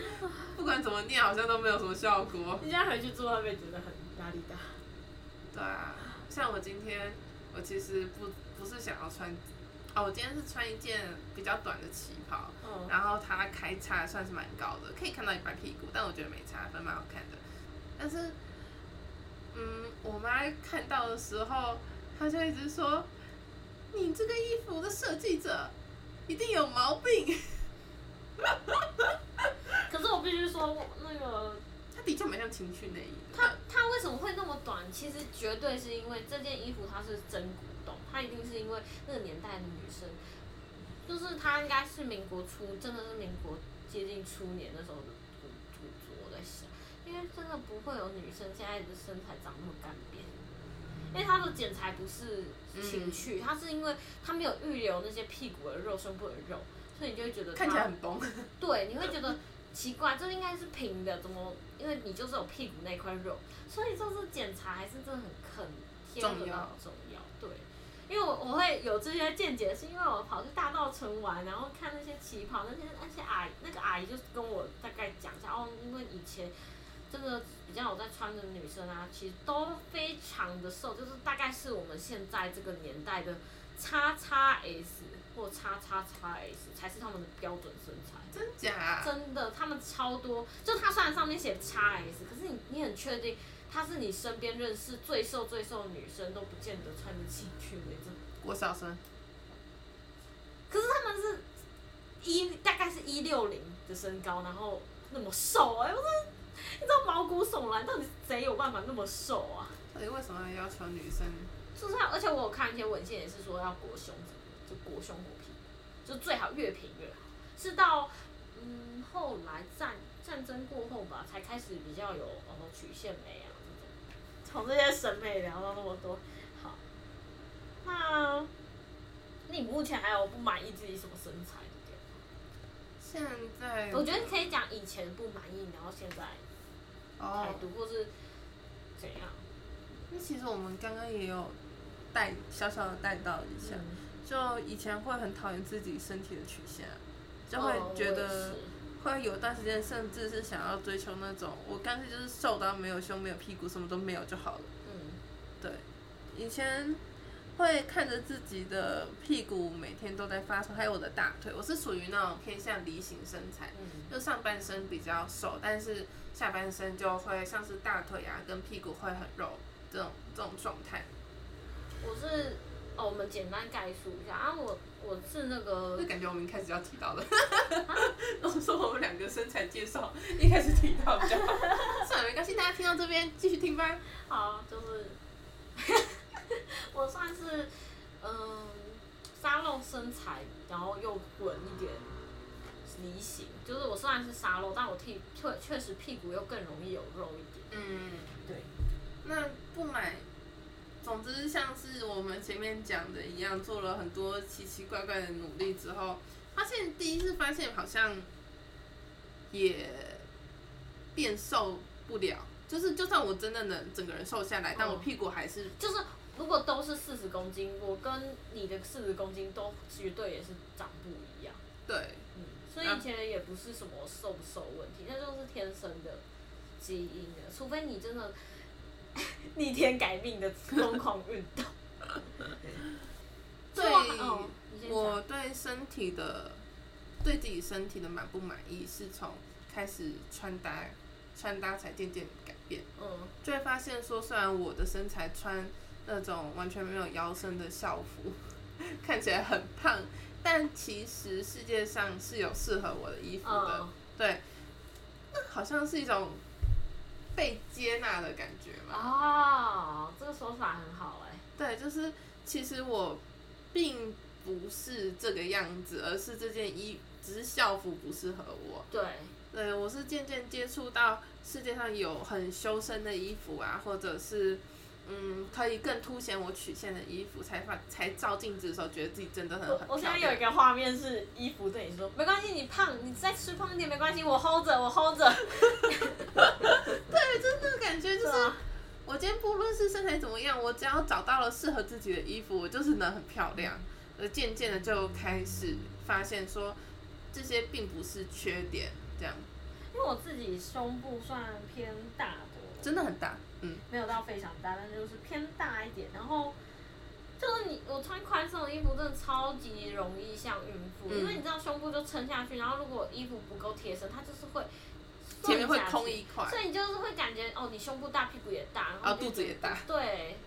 不管怎麼念好像都沒有什麼效果。人家回去做會不會覺得很壓力大？對啊，像我今天我其實不不是想要穿，哦，我今天是穿一件比較短的旗袍，oh. 然後它開叉算是蠻高的，可以看到一半屁股，但我覺得沒差，反正蠻好看的。但是嗯，我媽看到的時候，她就一直說。你這個衣服的設計者，一定有毛病 。可是我必須說，我那個它的確蠻像情趣內衣。 它它為什麼會那麼短？其實絕對是因為這件衣服它是真古董，它一定是因為那個年代的女生，就是它應該是民國初，真的是民國接近初年時的，的時候的古古着。我在想，因為真的不會有女生現在的身材長那麼乾癟，因為它的剪裁不是。情趣、嗯，它是因為它沒有預留那些屁股的肉、胸部的肉，所以你就會覺得它看起來很崩。對，你會覺得奇怪， 這應該是平的，怎麼？因為你就是有屁股那塊肉，所以就是檢查還是真的很，很重要，重要。對，因為我我會有這些見解，是因為我跑去大稻埕玩，然後看那些旗袍，那些那些阿姨那個阿姨就跟我大概講一下哦，因為以前。真的比較我在穿的女生啊，其實都非常的瘦，就是大概是我們現在這個年代的叉叉 S 或叉叉叉 S 才是他們的標準身材。真假啊？真的，他們超多，就他雖然上面寫叉 S，可是你你很確定他是你身邊認識最瘦最瘦的女生都不見得穿得進去沒？我小時候。可是他們是一、e, 大概是一六零的身高，然後那麼瘦哎、欸，我說。你知道毛骨悚然，到底誰有辦法那麼瘦啊？到底為什麼要求女生？是不是，而且我有看一些文獻也是說要裹胸，就裹胸裹皮，就最好越平越好。是到嗯，後來戰戰爭過後吧，才開始比較有呃、哦、曲線美啊這種。從這些審美聊到那麼多，好，那你目前還有不滿意自己什麼身材的地方？現在我，我覺得你可以講以前不滿意，然後現在。哦，度，過是怎樣？那其實我們剛剛也有帶小小的帶到一下、嗯，就以前會很討厭自己身體的曲線，就會覺得會有段時間，甚至是想要追求那種，嗯、我乾脆就是瘦到沒有胸、沒有屁股、什麼都沒有就好了。嗯，對，以前。會看着自己的屁股每天都在發燒。還有我的大腿，我是屬於那種偏向梨形身材，嗯，就上半身比較瘦，但是下半身就會像是大腿啊跟屁股會很肉這種這種狀態。我是哦，我們簡單概述一下啊，我我是那個，就感覺我們一開始要提到的，哈我 說我們兩個身材介紹一開始提到比較，哈 哈算了，沒關係，大家聽到這邊繼續聽吧。好，啊，就是。 我算是嗯沙漏身材，然後又滾一點梨形，就是我雖然是沙漏，但我屁確確實屁股又更容易有肉一點。嗯，對。那不買，總之像是我們前面講的一樣，做了很多奇奇怪怪的努力之後，發現第一次發現好像也變瘦不了，就是就算我真的能整個人瘦下來，嗯、但我屁股還是就是。如果都是四十公斤，我跟你的四十公斤都絕對也是長不一樣。對，嗯，所以其實也不是什麼瘦不瘦的問題，啊，那就是天生的基因啊，除非你真的逆 天改命的瘋狂運動。 對，對，哦，你先講。我對身體的對自己身體的滿不滿意，是從開始穿搭穿搭才漸漸改變。嗯，就會發現說，雖然我的身材穿。那種完全沒有腰身的校服，看起來很胖，但其實世界上是有適合我的衣服的。Oh. 對，那好像是一種被接納的感覺吧？啊、oh，這個說法很好哎、欸。對，就是其實我並不是這個樣子，而是這件衣只是校服不適合我。對，對我是漸漸接觸到世界上有很修身的衣服啊，或者是。嗯，可以更凸顯我曲線的衣服，才發才照鏡子的時候，覺得自己真的很很。我現在有一個畫面是，衣服對你說，沒關係，你胖，你再吃胖一點沒關係，我 hold 着，我 hold 着。 對，真的感覺就是，啊、我今天不論是身材怎麼樣，我只要找到了適合自己的衣服，我就是能很漂亮。我漸漸的就開始發現說，這些並不是缺點，這樣。因為我自己胸部算偏大的。真的很大。嗯、沒有到非常大，但是就是偏大一點。然後就是你我穿寬鬆的衣服，真的超級容易像孕婦，嗯，因為你知道胸部就撐下去，然後如果衣服不夠貼身，它就是會前面會空一塊，所以你就是會感覺哦，你胸部大，屁股也大，然後、啊、肚子也大。對，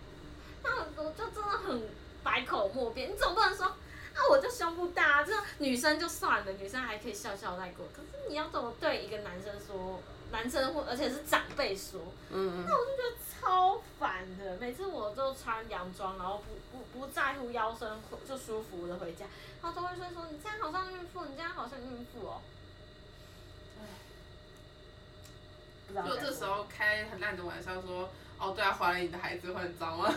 那我就真的很百口莫辯。你總不能說，啊，我就胸部大，這女生就算了，女生還可以笑笑帶過。可是你要怎麼對一個男生說？男生或而且是長輩說嗯嗯，那我就覺得超煩的。每次我就穿洋裝，然後不不不在乎腰身，就舒服的回家。他都會說說你這樣好像孕婦，你這樣好像孕婦哦。唉、喔，如果這時候開很爛的玩笑說，哦，對啊，懷了你的孩子會很髒嗎、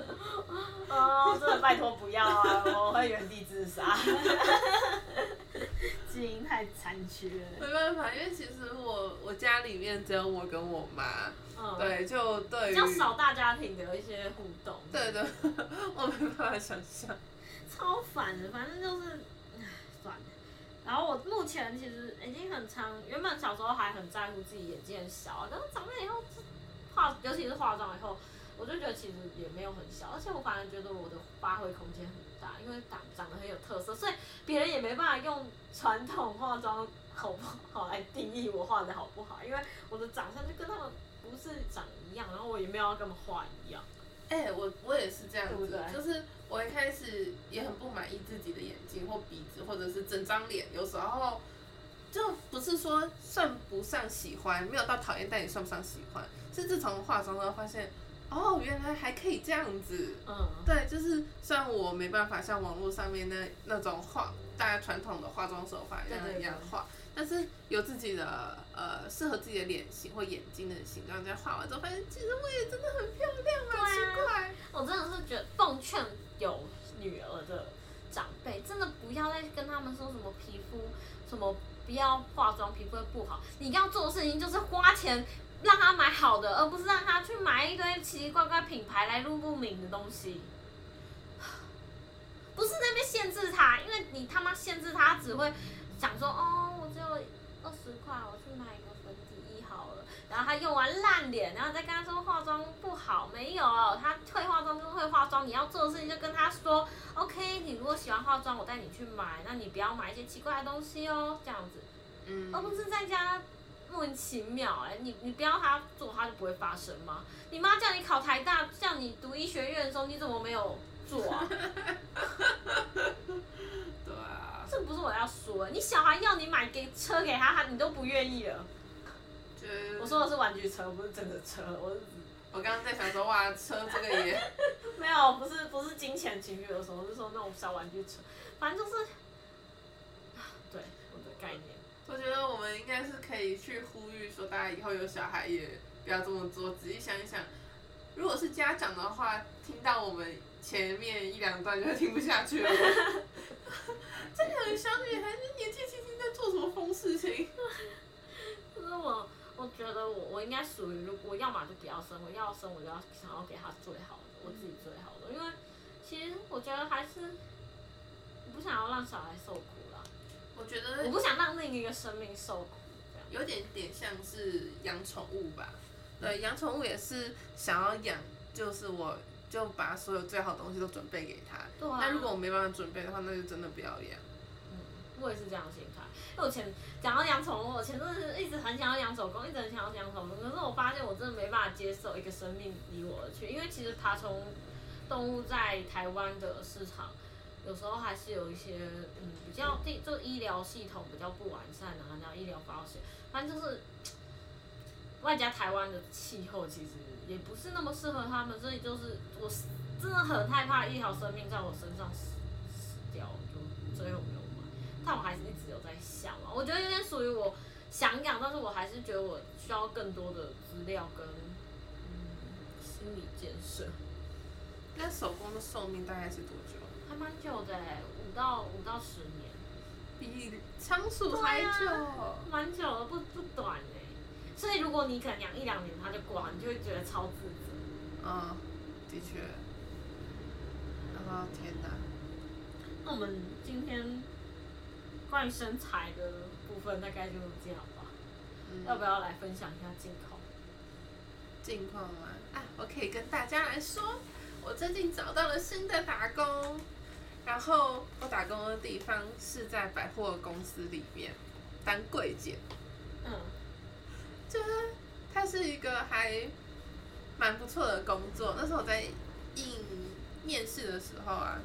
呃呃？真的拜托不要啊，我會原地自殺。 基因太殘缺，沒辦法，因為其實我我家裡面只有我跟我媽，嗯、對，就對比較少大家庭的一些互動對。對對，我沒辦法想象，超煩的，反正就是，哎，算了。然後我目前其實已經很長，原本小時候還很在乎自己眼睛很小、啊，但是長大以後化，尤其是化妝以後，我就覺得其實也沒有很小，而且我反而覺得我的發揮空間很。因為長長得很有特色，所以別人也沒辦法用傳統化妝好不好來定義我畫的好不好，因為我的長相就跟他們不是長一樣，然後我也沒有要跟他們畫一樣。哎、欸，我我也是這樣子對對，就是我一開始也很不滿意自己的眼睛或鼻子，或者是整張臉，有時候就不是說算不上喜歡，沒有到討厭，但也算不上喜歡，是自從化妝之後發現。哦，原來還可以這樣子，嗯，對，就是雖然我沒辦法像網絡上面那那種化，大家傳統的化妝手法一樣一樣化，但是有自己的呃適合自己的臉型或眼睛的形狀，這樣化完之後，發現其實我也真的很漂亮、啊，好奇怪！我真的是覺得奉勸有女兒的長輩，真的不要再跟他們說什麼皮膚什麼不要化妝，皮膚會不好。你要做的事情就是花錢。讓他買好的，而不是讓他去買一堆奇奇怪怪品牌、來路不明的東西。不是在那邊限制他，因為你他媽限制他，只會想說哦，我只有二十塊，我去買一個粉底液好了。然後他用完爛臉，然後再跟他說化妝不好，沒有他會化妝就會化妝。你要做的事情就跟他說，OK，你如果喜歡化妝，我帶你去買，那你不要買一些奇怪的東西哦，這樣子。嗯。而不是在家。莫名其妙哎、欸，你你不要他做，他就不會發生嗎？你媽叫你考台大，叫你讀醫學院的時候，你怎麼沒有做啊？ 對啊，這不是我要說、欸，你小孩要你買給車給他，他你都不願意了。我說的是玩具車，不是真的車。我我剛剛在想說，哇，車這個也 沒有，不是不是金錢情緒的時候，我是說那種小玩具車，反正就是對，我的概念。我覺得我們應該是可以去呼籲，說大家以後有小孩也不要這麼做。仔細想一想，如果是家長的話，聽到我們前面一兩段就聽不下去了。 這兩個小女孩，是年紀輕輕在做什麼瘋事情？可是我，我覺得我，我應該屬於，如果我要麼就不要生，我要生我就要想要給他最好的，我自己最好的。嗯、因為其實我覺得還是不想要讓小孩受苦。我覺得我不想讓另一個生命受苦，有點點像是養寵物吧，對。對，養寵物也是想要養，就是我就把所有最好的東西都準備給他。對啊。但那如果我沒辦法準備的話，那就真的不要養。嗯，我也是這樣的心態。那我前講到養寵物，我前陣子一直很想要養狗狗，一直很想要養寵物，可是我發現我真的沒辦法接受一個生命離我而去，因為其實爬蟲動物在台灣的市場。有時候還是有一些嗯比較這這醫療系統比較不完善啊，像醫療保險，反正就是外加台灣的氣候，其實也不是那麼適合他們，所以就是我真的很害怕一條生命在我身上死死掉，就最後沒有買，但我還是一直有在想啊，我覺得有點屬於我想養，但是我還是覺得我需要更多的資料跟嗯心理建設。那手工的壽命大概是多久？還蠻久的欸，五到五到十年，比倉鼠還久，蠻久了，不不短欸。所以如果你可能養一兩年管，它就掛，你就會覺得超自責。嗯、哦，的確。啊、哦、天吶！那我們今天關於身材的部分大概就這樣吧。嗯、要不要來分享一下近況？近況啊？啊，我可以跟大家來說，我最近找到了新的打工。然後我打工的地方是在百貨公司裡面當櫃姐，嗯，就是它是一個還蠻不錯的工作。那時候我在應面試的時候啊，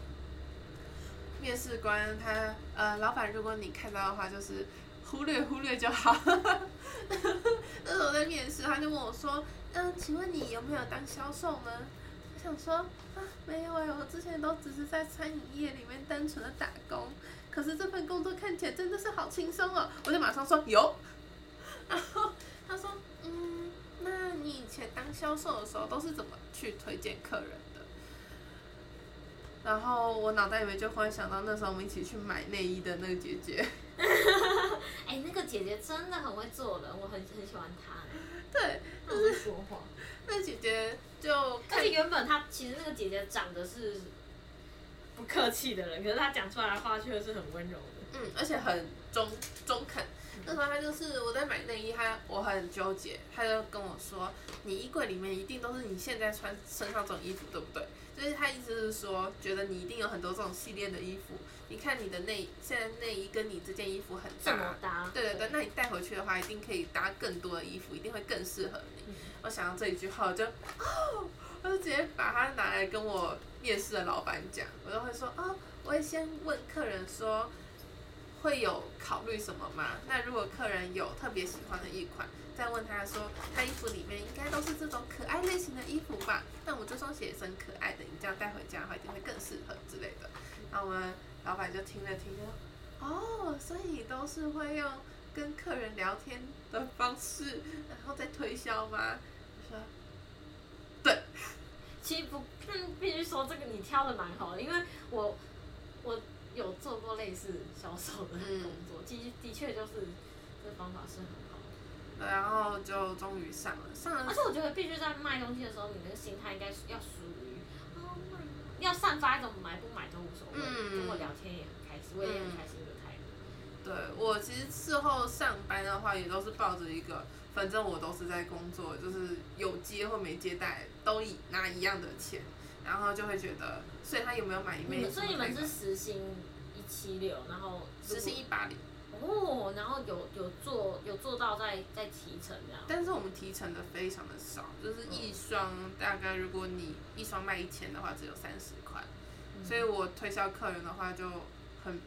面試官他呃老闆，如果你看到的話就是忽略忽略就好。 那時候我在面試，他就問我說：“嗯、呃，請問你有沒有當銷售呢？”我說啊，沒有哎，我之前都只是在餐飲業裡面單純的打工，可是這份工作看起來真的是好輕鬆哦，我就馬上說有。然後他說，嗯，那你以前當銷售的時候都是怎麼去推薦客人的？然後我腦袋裡面就忽然想到那時候我們一起去買內衣的那個姐姐。哎、 欸，那個姐姐真的很會做人，我很很喜歡她。對，她、就是、會說話。那姐姐就，而且原本她其實那個姐姐長得是不客氣的人，可是她講出來的話卻是很溫柔的。嗯，而且很中中肯，嗯。那時候她就是我在買內衣，她我很糾結，她就跟我說：“你衣櫃裡面一定都是你現在穿身上這種衣服，對不對？”就是她意思是說，覺得你一定有很多這種系列的衣服。你看你的內現在內衣跟你這件衣服很搭，嗯，對對對，那你帶回去的話，一定可以搭更多的衣服，一定會更適合你。嗯我想到這一句話，我就哦，我就直接把它拿來跟我面試的老闆講。我就會說，哦，我會先問客人說，會有考慮什麼嗎？那如果客人有特別喜歡的一款，再問他說，他衣服裡面應該都是這種可愛類型的衣服吧？那我這雙鞋也是很可愛的，你這樣帶回家的話，一定會更適合之類的。那我們老闆就聽了聽，說，哦，所以都是會用跟客人聊天的方式，然後再推銷嗎？對，其實不，嗯，必須說這個你挑的蠻好的，因為我我有做過類似銷售的工作，嗯、其的的確就是這個、方法是很好的，然後就終於上了，上了。而且我覺得必須在賣東西的時候，你那個心態應該要屬於，Oh my God, 要散發一種買不買都無所謂、嗯，跟我聊天也很開心，我也很開心的態度。對，我其實事後上班的話，也都是抱着一個。反正我都是在工作，就是有接或沒接待都以拿一樣的錢，然後就會覺得，所以他有沒有買一賣、嗯？所以你們是實行一七六，然後實行一八零哦，然後有有做有做到在在提成這樣，但是我們提成的非常的少，就是一雙、嗯、大概如果你一雙賣一千的話，只有三十塊，所以我推銷客人的話就很。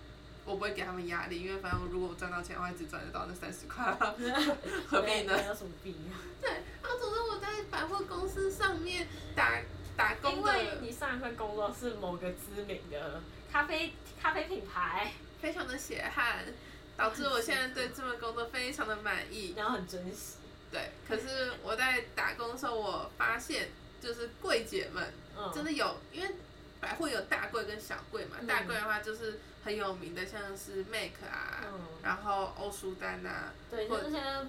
我不會給他們壓力，因為反正我如果我賺到錢的話，我也只賺得到那三十塊， 何必呢？還有什麼必要？對，啊，總之我在百貨公司上面打 打工的，因為你上一份工作是某個知名的咖啡咖啡品牌、欸，非常的血汗，導致我現在對這份工作非常的滿意， 然後很珍惜。對，可是我在打工的時候，我發現就是櫃姐們，真的有，嗯、因為百貨有大櫃跟小櫃嘛，大櫃的話就是。很有名的，像是 MAC 啊，嗯，然後歐舒丹啊，對，或者像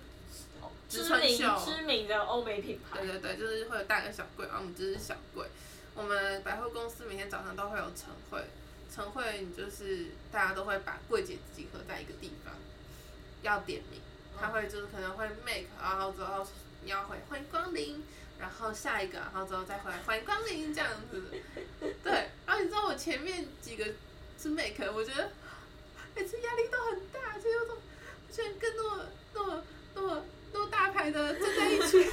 那些知名知名的歐美品牌，對對對，就是會有大櫃小櫃啊，我們這是小櫃。嗯、我們百貨公司每天早上都會有晨會，晨會你就是大家都會把櫃姐集合在一個地方，要點名，他，嗯，會就是可能會 MAC，然後之後你要回歡迎光臨，然後下一個，然後之後再回來歡迎光臨這樣子，對。然後你知道我前面幾個。是 make，我覺得每次、欸、壓力都很大，就是說，我居然跟那麼、那麼、那麼、那麼大牌的站在一起。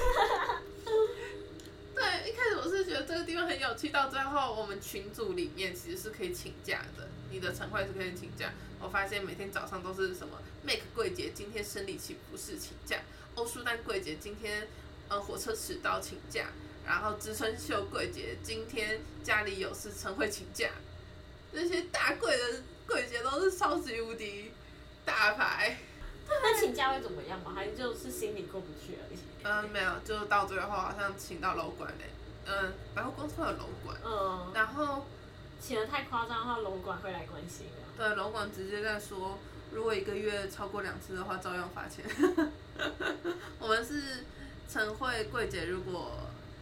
對，一開始我是覺得這個地方很有趣，到最後我們群組裡面其實是可以請假的，你的晨會是可以請假。我發現每天早上都是什麼 make 櫃姐今天生理期不適請假，歐舒丹櫃姐今天呃火車遲到請假，然後植村秀櫃姐今天家裡有事晨會請假。那些大櫃的櫃姐都是超級無敵大牌，那請假會怎麼樣嘛？還是就是心裡過不去而已。嗯，沒有，就到最後好像請到樓管嘞。嗯，百貨公司有樓管。嗯，然後請得太誇張的話，樓管會來關心啊。對，樓管直接在說，如果一個月超過兩次的話，照樣罰錢。 我們是晨會櫃姐，如果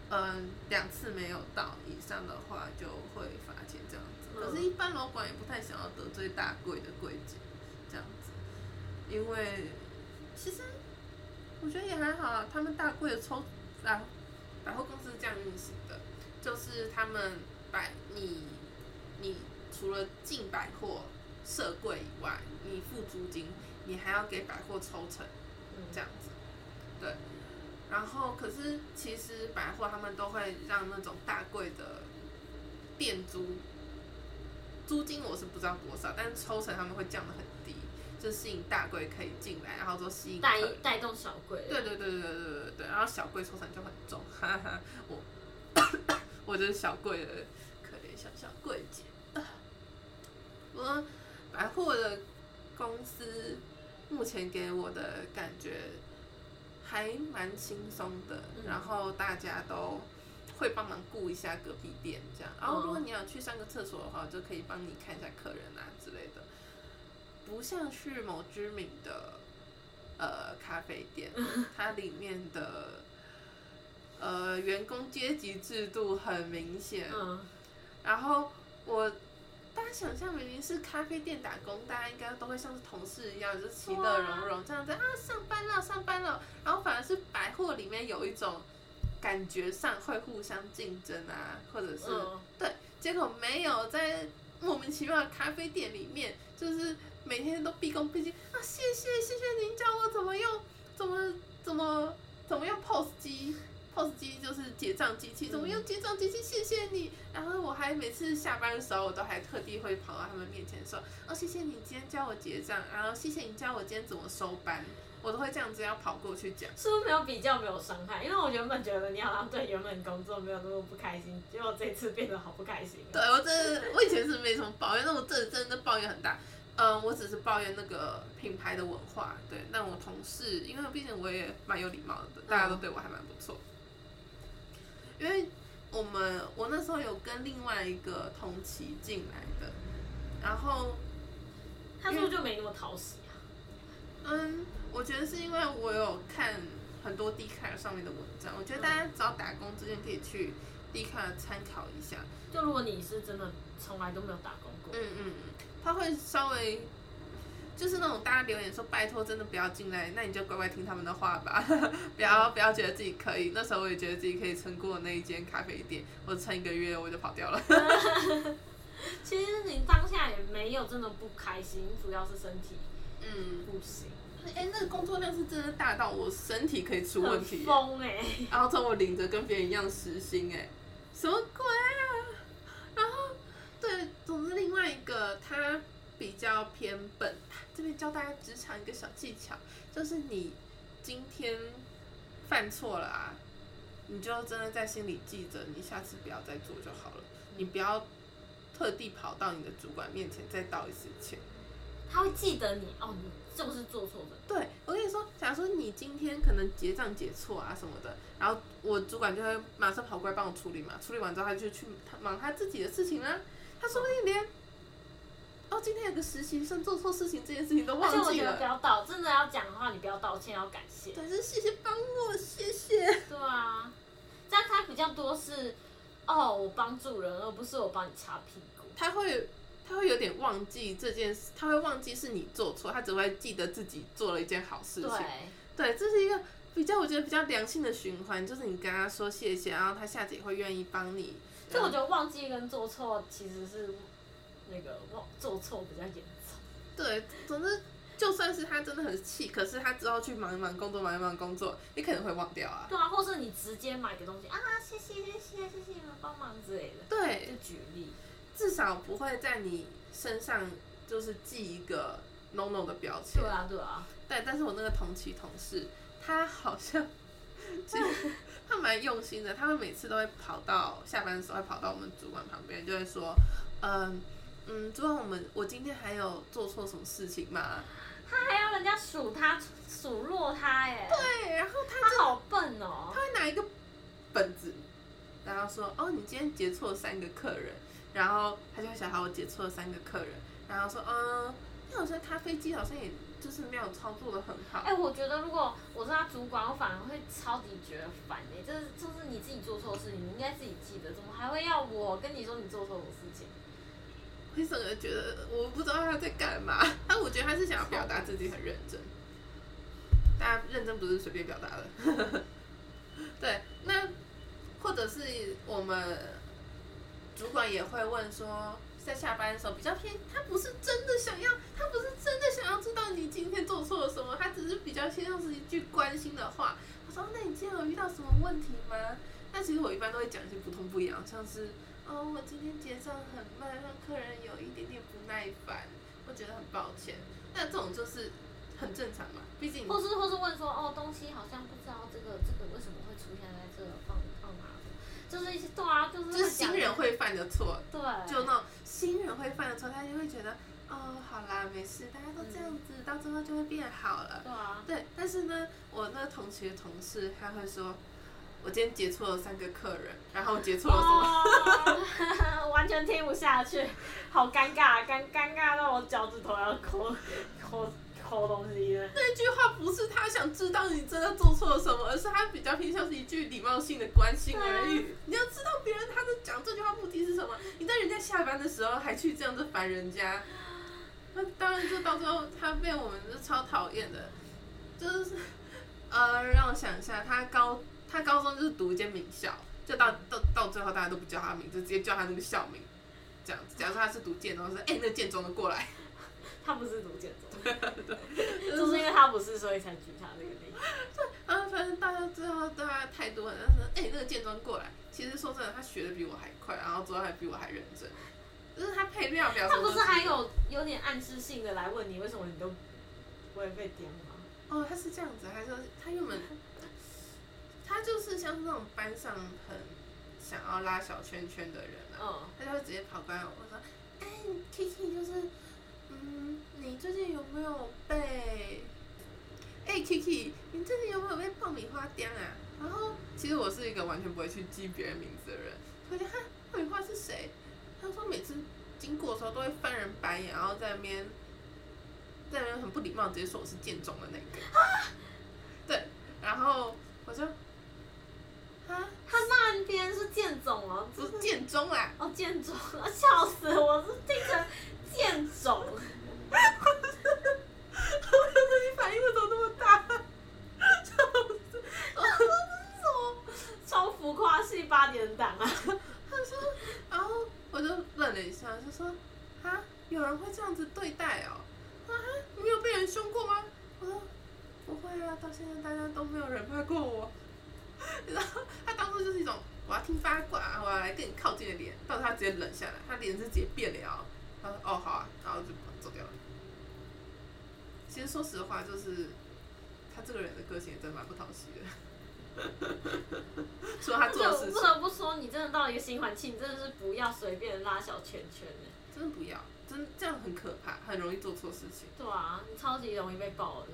嗯兩次沒有到以上的話，就會罰錢這樣。可是，一般樓管也不太想要得罪大櫃的櫃姐，這樣子，因為其實我覺得也還好啊。他們大櫃的抽啊，百貨公司是這樣運行的，就是他們百你你除了進百貨設櫃以外，你付租金，你還要給百貨抽成，這樣子，嗯。對，然後可是其實百貨他們都會讓那種大櫃的店租，租金我是不知道多少，但是抽成他們會降得很低，就是，吸引大櫃可以進來，然後就吸引帶，帶動小櫃。對對對對對對對，然後小櫃抽成就很重，哈哈，我， 我就是小櫃的可憐小小櫃姐。不過百貨的公司目前給我的感覺還蠻輕鬆的，嗯、然後大家都。會幫忙顧一下隔壁店這樣，然後如果你要去上個廁所的話，就可以幫你看一下客人啊之類的。不像去某知名的呃咖啡店，它裡面的呃員工階級制度很明顯。嗯、然後我大家想象明明是咖啡店打工，大家應該都會像是同事一樣，就其樂融融這樣子。啊，上班了，上班了。然後反而是百貨裡面有一種。感覺上會互相競爭啊，或者是、嗯、對，結果沒有在莫名其妙的咖啡店裡面，就是每天都畢恭畢敬啊，謝謝謝謝您教我怎麼用，怎麼怎麼怎麼用 POS 機，POS 機就是結賬機器，怎麼用結賬機器？謝謝你、嗯。然後我還每次下班的時候，我都還特地會跑到他們面前說，哦謝謝你今天教我結賬，然後謝謝你教我今天怎麼收班。我都會這樣子，要跑過去講，是不是沒有比較，沒有傷害？因為我原本覺得你好像對原本工作沒有那麼不開心，結果我這次變得好不開心。對，我這我以前是沒什麼抱怨，但我這真，真的抱怨很大。嗯，我只是抱怨那個品牌的文化。對，但我同事，因為畢竟我也蠻有禮貌的，大家都對我還蠻不錯。哦、因為我們我那時候有跟另外一個同期進來的，然後他說就沒那麼討喜？嗯，我覺得是因為我有看很多 Dcard 上面的文章，我覺得大家只要打工之前可以去 Dcard 參考一下。就如果你是真的從來都沒有打工過，嗯嗯，他會稍微就是那種大家留言說拜托真的不要進來，那你就乖乖聽他們的話吧，呵呵不要不要覺得自己可以。那時候我也覺得自己可以撐過那一間咖啡店，我撐一個月我就跑掉了，嗯。其實你當下也沒有真的不開心，主要是身體嗯不行。哎、欸，那個工作量，是真的大到我身體可以出問題，瘋哎、欸！然後叫我領着跟別人一樣時薪哎、欸，什麼鬼啊？然後對，總之另外一個他比較偏笨，這邊教大家職場一個小技巧，就是你今天犯錯了啊，你就真的在心裡記着，你下次不要再做就好了、嗯，你不要特地跑到你的主管面前再道一次歉，他會記得你哦。這不是做錯的。對，我跟你說，假如說你今天可能結賬結錯啊什麼的，然後我主管就會馬上跑過來幫我處理嘛。處理完之後，他就去忙他自己的事情了啊。他說不定連哦，哦，今天有個實習生做錯事情這件事情都忘記了。而且我覺得不要道，真的要講的話，你不要道歉，要感謝。可是謝謝幫我，謝謝。對啊，這樣他比較多是哦，我幫助人，而不是我幫你擦屁股。他會。他會有點忘記這件事，他會忘記是你做錯，他只會記得自己做了一件好事情。對，對，這是一個比較，我覺得比較良性的循環，就是你跟他說謝謝，然後他下次也會願意幫你。所以我覺得忘記跟做錯其實是那個忘做錯比較嚴重。對，總之就算是他真的很氣，可是他之後去忙一忙工作，忙一忙工作，你可能會忘掉啊。對啊，或是你直接買個東西啊，謝謝謝謝謝謝你們幫忙之類的。對，就舉例。至少不會在你身上就是記一個 no no 的標籤。對啊，對啊。對，但是我那個同期同事，他好像，其實他蠻用心的，他會每次都會跑到下班的時候，會跑到我們主管旁邊，就會說，嗯嗯，主管我們，我今天還有做錯什麼事情嗎？他還要人家數他數落他，哎，對，然後他他好笨哦，他會拿一個本子，然後說，哦，你今天接錯三個客人。然後他就會想好，我接錯了三個客人，然後說，嗯，因為我像他咖啡機好像也就是沒有操作的很好。哎、欸，我覺得如果我是他主管，我反而會超級覺得煩，哎、欸，就是就是你自己做錯的事，你應該自己記得，怎麼還會要我跟你說你做錯什麼事情？為什麼覺得我不知道他在幹嘛？但我覺得他是想要表達自己很認真，但認真不是隨便表達的。 對，那或者是我們。主管也會問說，在下班的時候比較偏，他不是真的想要，他不是真的想要知道你今天做錯了什麼，他只是比較希望是一句關心的話。我說：“那你今天有遇到什麼問題嗎？”但其實我一般都會講一些不痛不癢，像是哦，我今天結帳很慢，讓客人有一點點不耐煩，我覺得很抱歉。那這種就是很正常嘛，畢竟或是或是問說哦，東西好像不知道這個這個為什麼會出現在這。就是一些對啊、就是，就是新人會犯的錯。對。就那種新人會犯的錯，他就會覺得，哦，好啦，沒事，大家都這樣子，到時候就會變好了。對啊。對，但是呢，我那個同學同事，他會說，我今天接錯了三個客人，然後接錯了什麼，oh, 完全聽不下去，好尷尬，尷尷尬到我腳趾頭要摳摳。偷東西的那句話不是他想知道你真的做錯了什麼，而是他比較偏向，是一句禮貌性的關心而已。啊、你要知道別人他在講這句話目的是什麼？你在人家下班的時候還去這樣子煩人家，那當然就到最後他被我們就超討厭的。就是，呃，讓我想一下，他高他高中就是讀一間名校，就到到到最後大家都不叫他名字，就直接叫他那個校名。這樣子，假如說他是讀建中，是哎、欸，那建中的過來。他不是讀建中， 就是因為他不是， 所以才舉他那個例子。對，然後反正大家知道，大家太多了。但是，誒，那個建中過來，其實說真的，他學的比我還快，然後做的還比我還認真。就是他配料表，就是，他不是還有有點暗示性的來問你，為什麼你都不會被點嗎？哦，他是這樣子，他說他原本他就是像是那種班上很想要拉小圈圈的人啊，他、哦、就會直接跑過來我說，哎 Kiki 就是。嗯，你最近有沒有被？哎、欸、，Kiki，你最近有沒有被爆米花顛啊？然後，其實我是一個完全不會去記別人名字的人。他就哈，爆米花是誰？他說每次經過的時候都會翻人白眼，然後在那邊，在那邊很不禮貌直接說我是賤種的那個、啊、對，然後我就啊，他那邊是賤種哦，不是賤種啊，哦賤種，笑死了，我是聽成賤種。 我，哈哈哈哈！他說：“你反應都那麼大，我， 我說什麼？超浮誇是八點檔啊 ！”他說：“然後我就愣了一下，就說：‘有人會這樣子對待哦？啊，你沒有被人凶過嗎？’我說：‘不會啊，到現在大家都沒有人罵過我。 ’然後他當初就是一種我要聽八卦，我要來跟你靠近的臉，到時他直接冷下來，他臉是直接變臉啊，他說：‘哦，好啊，然後就……’”其實說實話，就是他這個人的個性也真蠻不討喜的 說他做的事，不得不說，你真的到一個新環境，真的是不要隨便拉小圈圈。真的不要，真的這樣很可怕，很容易做錯事情。對啊，你超級容易被爆的。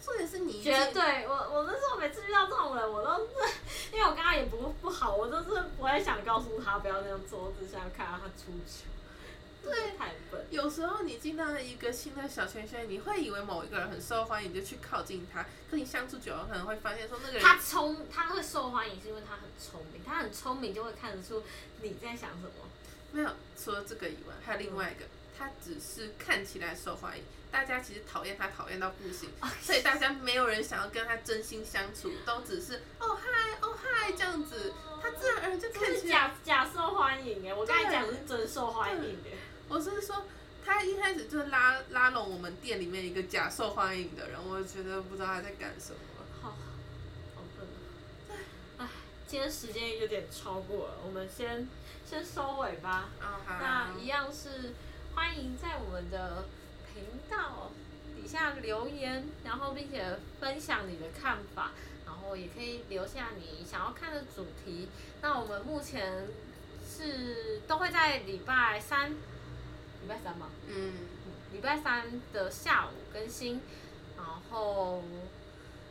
重點是你絕對，我我那時候每次遇到這種人，我都是因為我剛剛也不不好，我都是不會想告訴他不要那樣做，只想看到他出去。對太笨，有時候你進到了一個新的小圈圈，你會以為某一個人很受歡迎，就去靠近他。跟你相處久了，可能會發現說那個人他聰，他會受歡迎是因為他很聰明，他很聰明就會看得出你在想什麼。沒有，除了這個以外，還有另外一個，嗯、他只是看起來受歡迎，大家其實討厭他，討厭到不行，所以大家沒有人想要跟他真心相處，都只是哦嗨，哦嗨、oh, 這樣子，他自然而然就看起來假假受歡迎。哎、欸，我剛才講是真受歡迎的。我是說，他一開始就拉拉攏我們店裡面一個假受歡迎的人，我覺得不知道他在幹什麼，好，好笨。哎，今天時間有點超過了，我們先先收尾吧。Oh, 那一樣是歡迎在我們的頻道底下留言，然後並且分享你的看法，然後也可以留下你想要看的主題。那我們目前是都會在禮拜三。禮拜三嘛，嗯，禮拜三的下午更新，然後，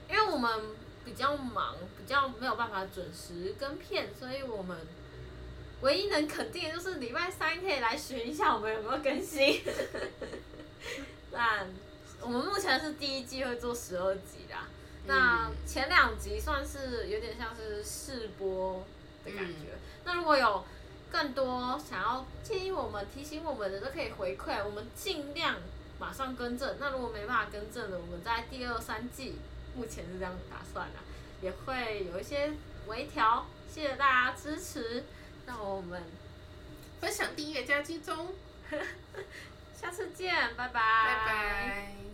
因為我們比較忙，比較沒有辦法準時更片，所以我們唯一能肯定的就是禮拜三可以來巡一下我們有沒有更新。 但，我們目前是第一季會做十二集啦，嗯，那前兩集算是有點像是試播的感覺。嗯，那如果有。更多想要建議我們、提醒我們的都可以回饋我們，儘量馬上更正。那如果沒辦法更正的，我們在第二、三季，目前是這樣打算的、啊，也會有一些微調。謝謝大家支持，那我們分享、訂閱、加居中，下次見，拜拜，拜拜。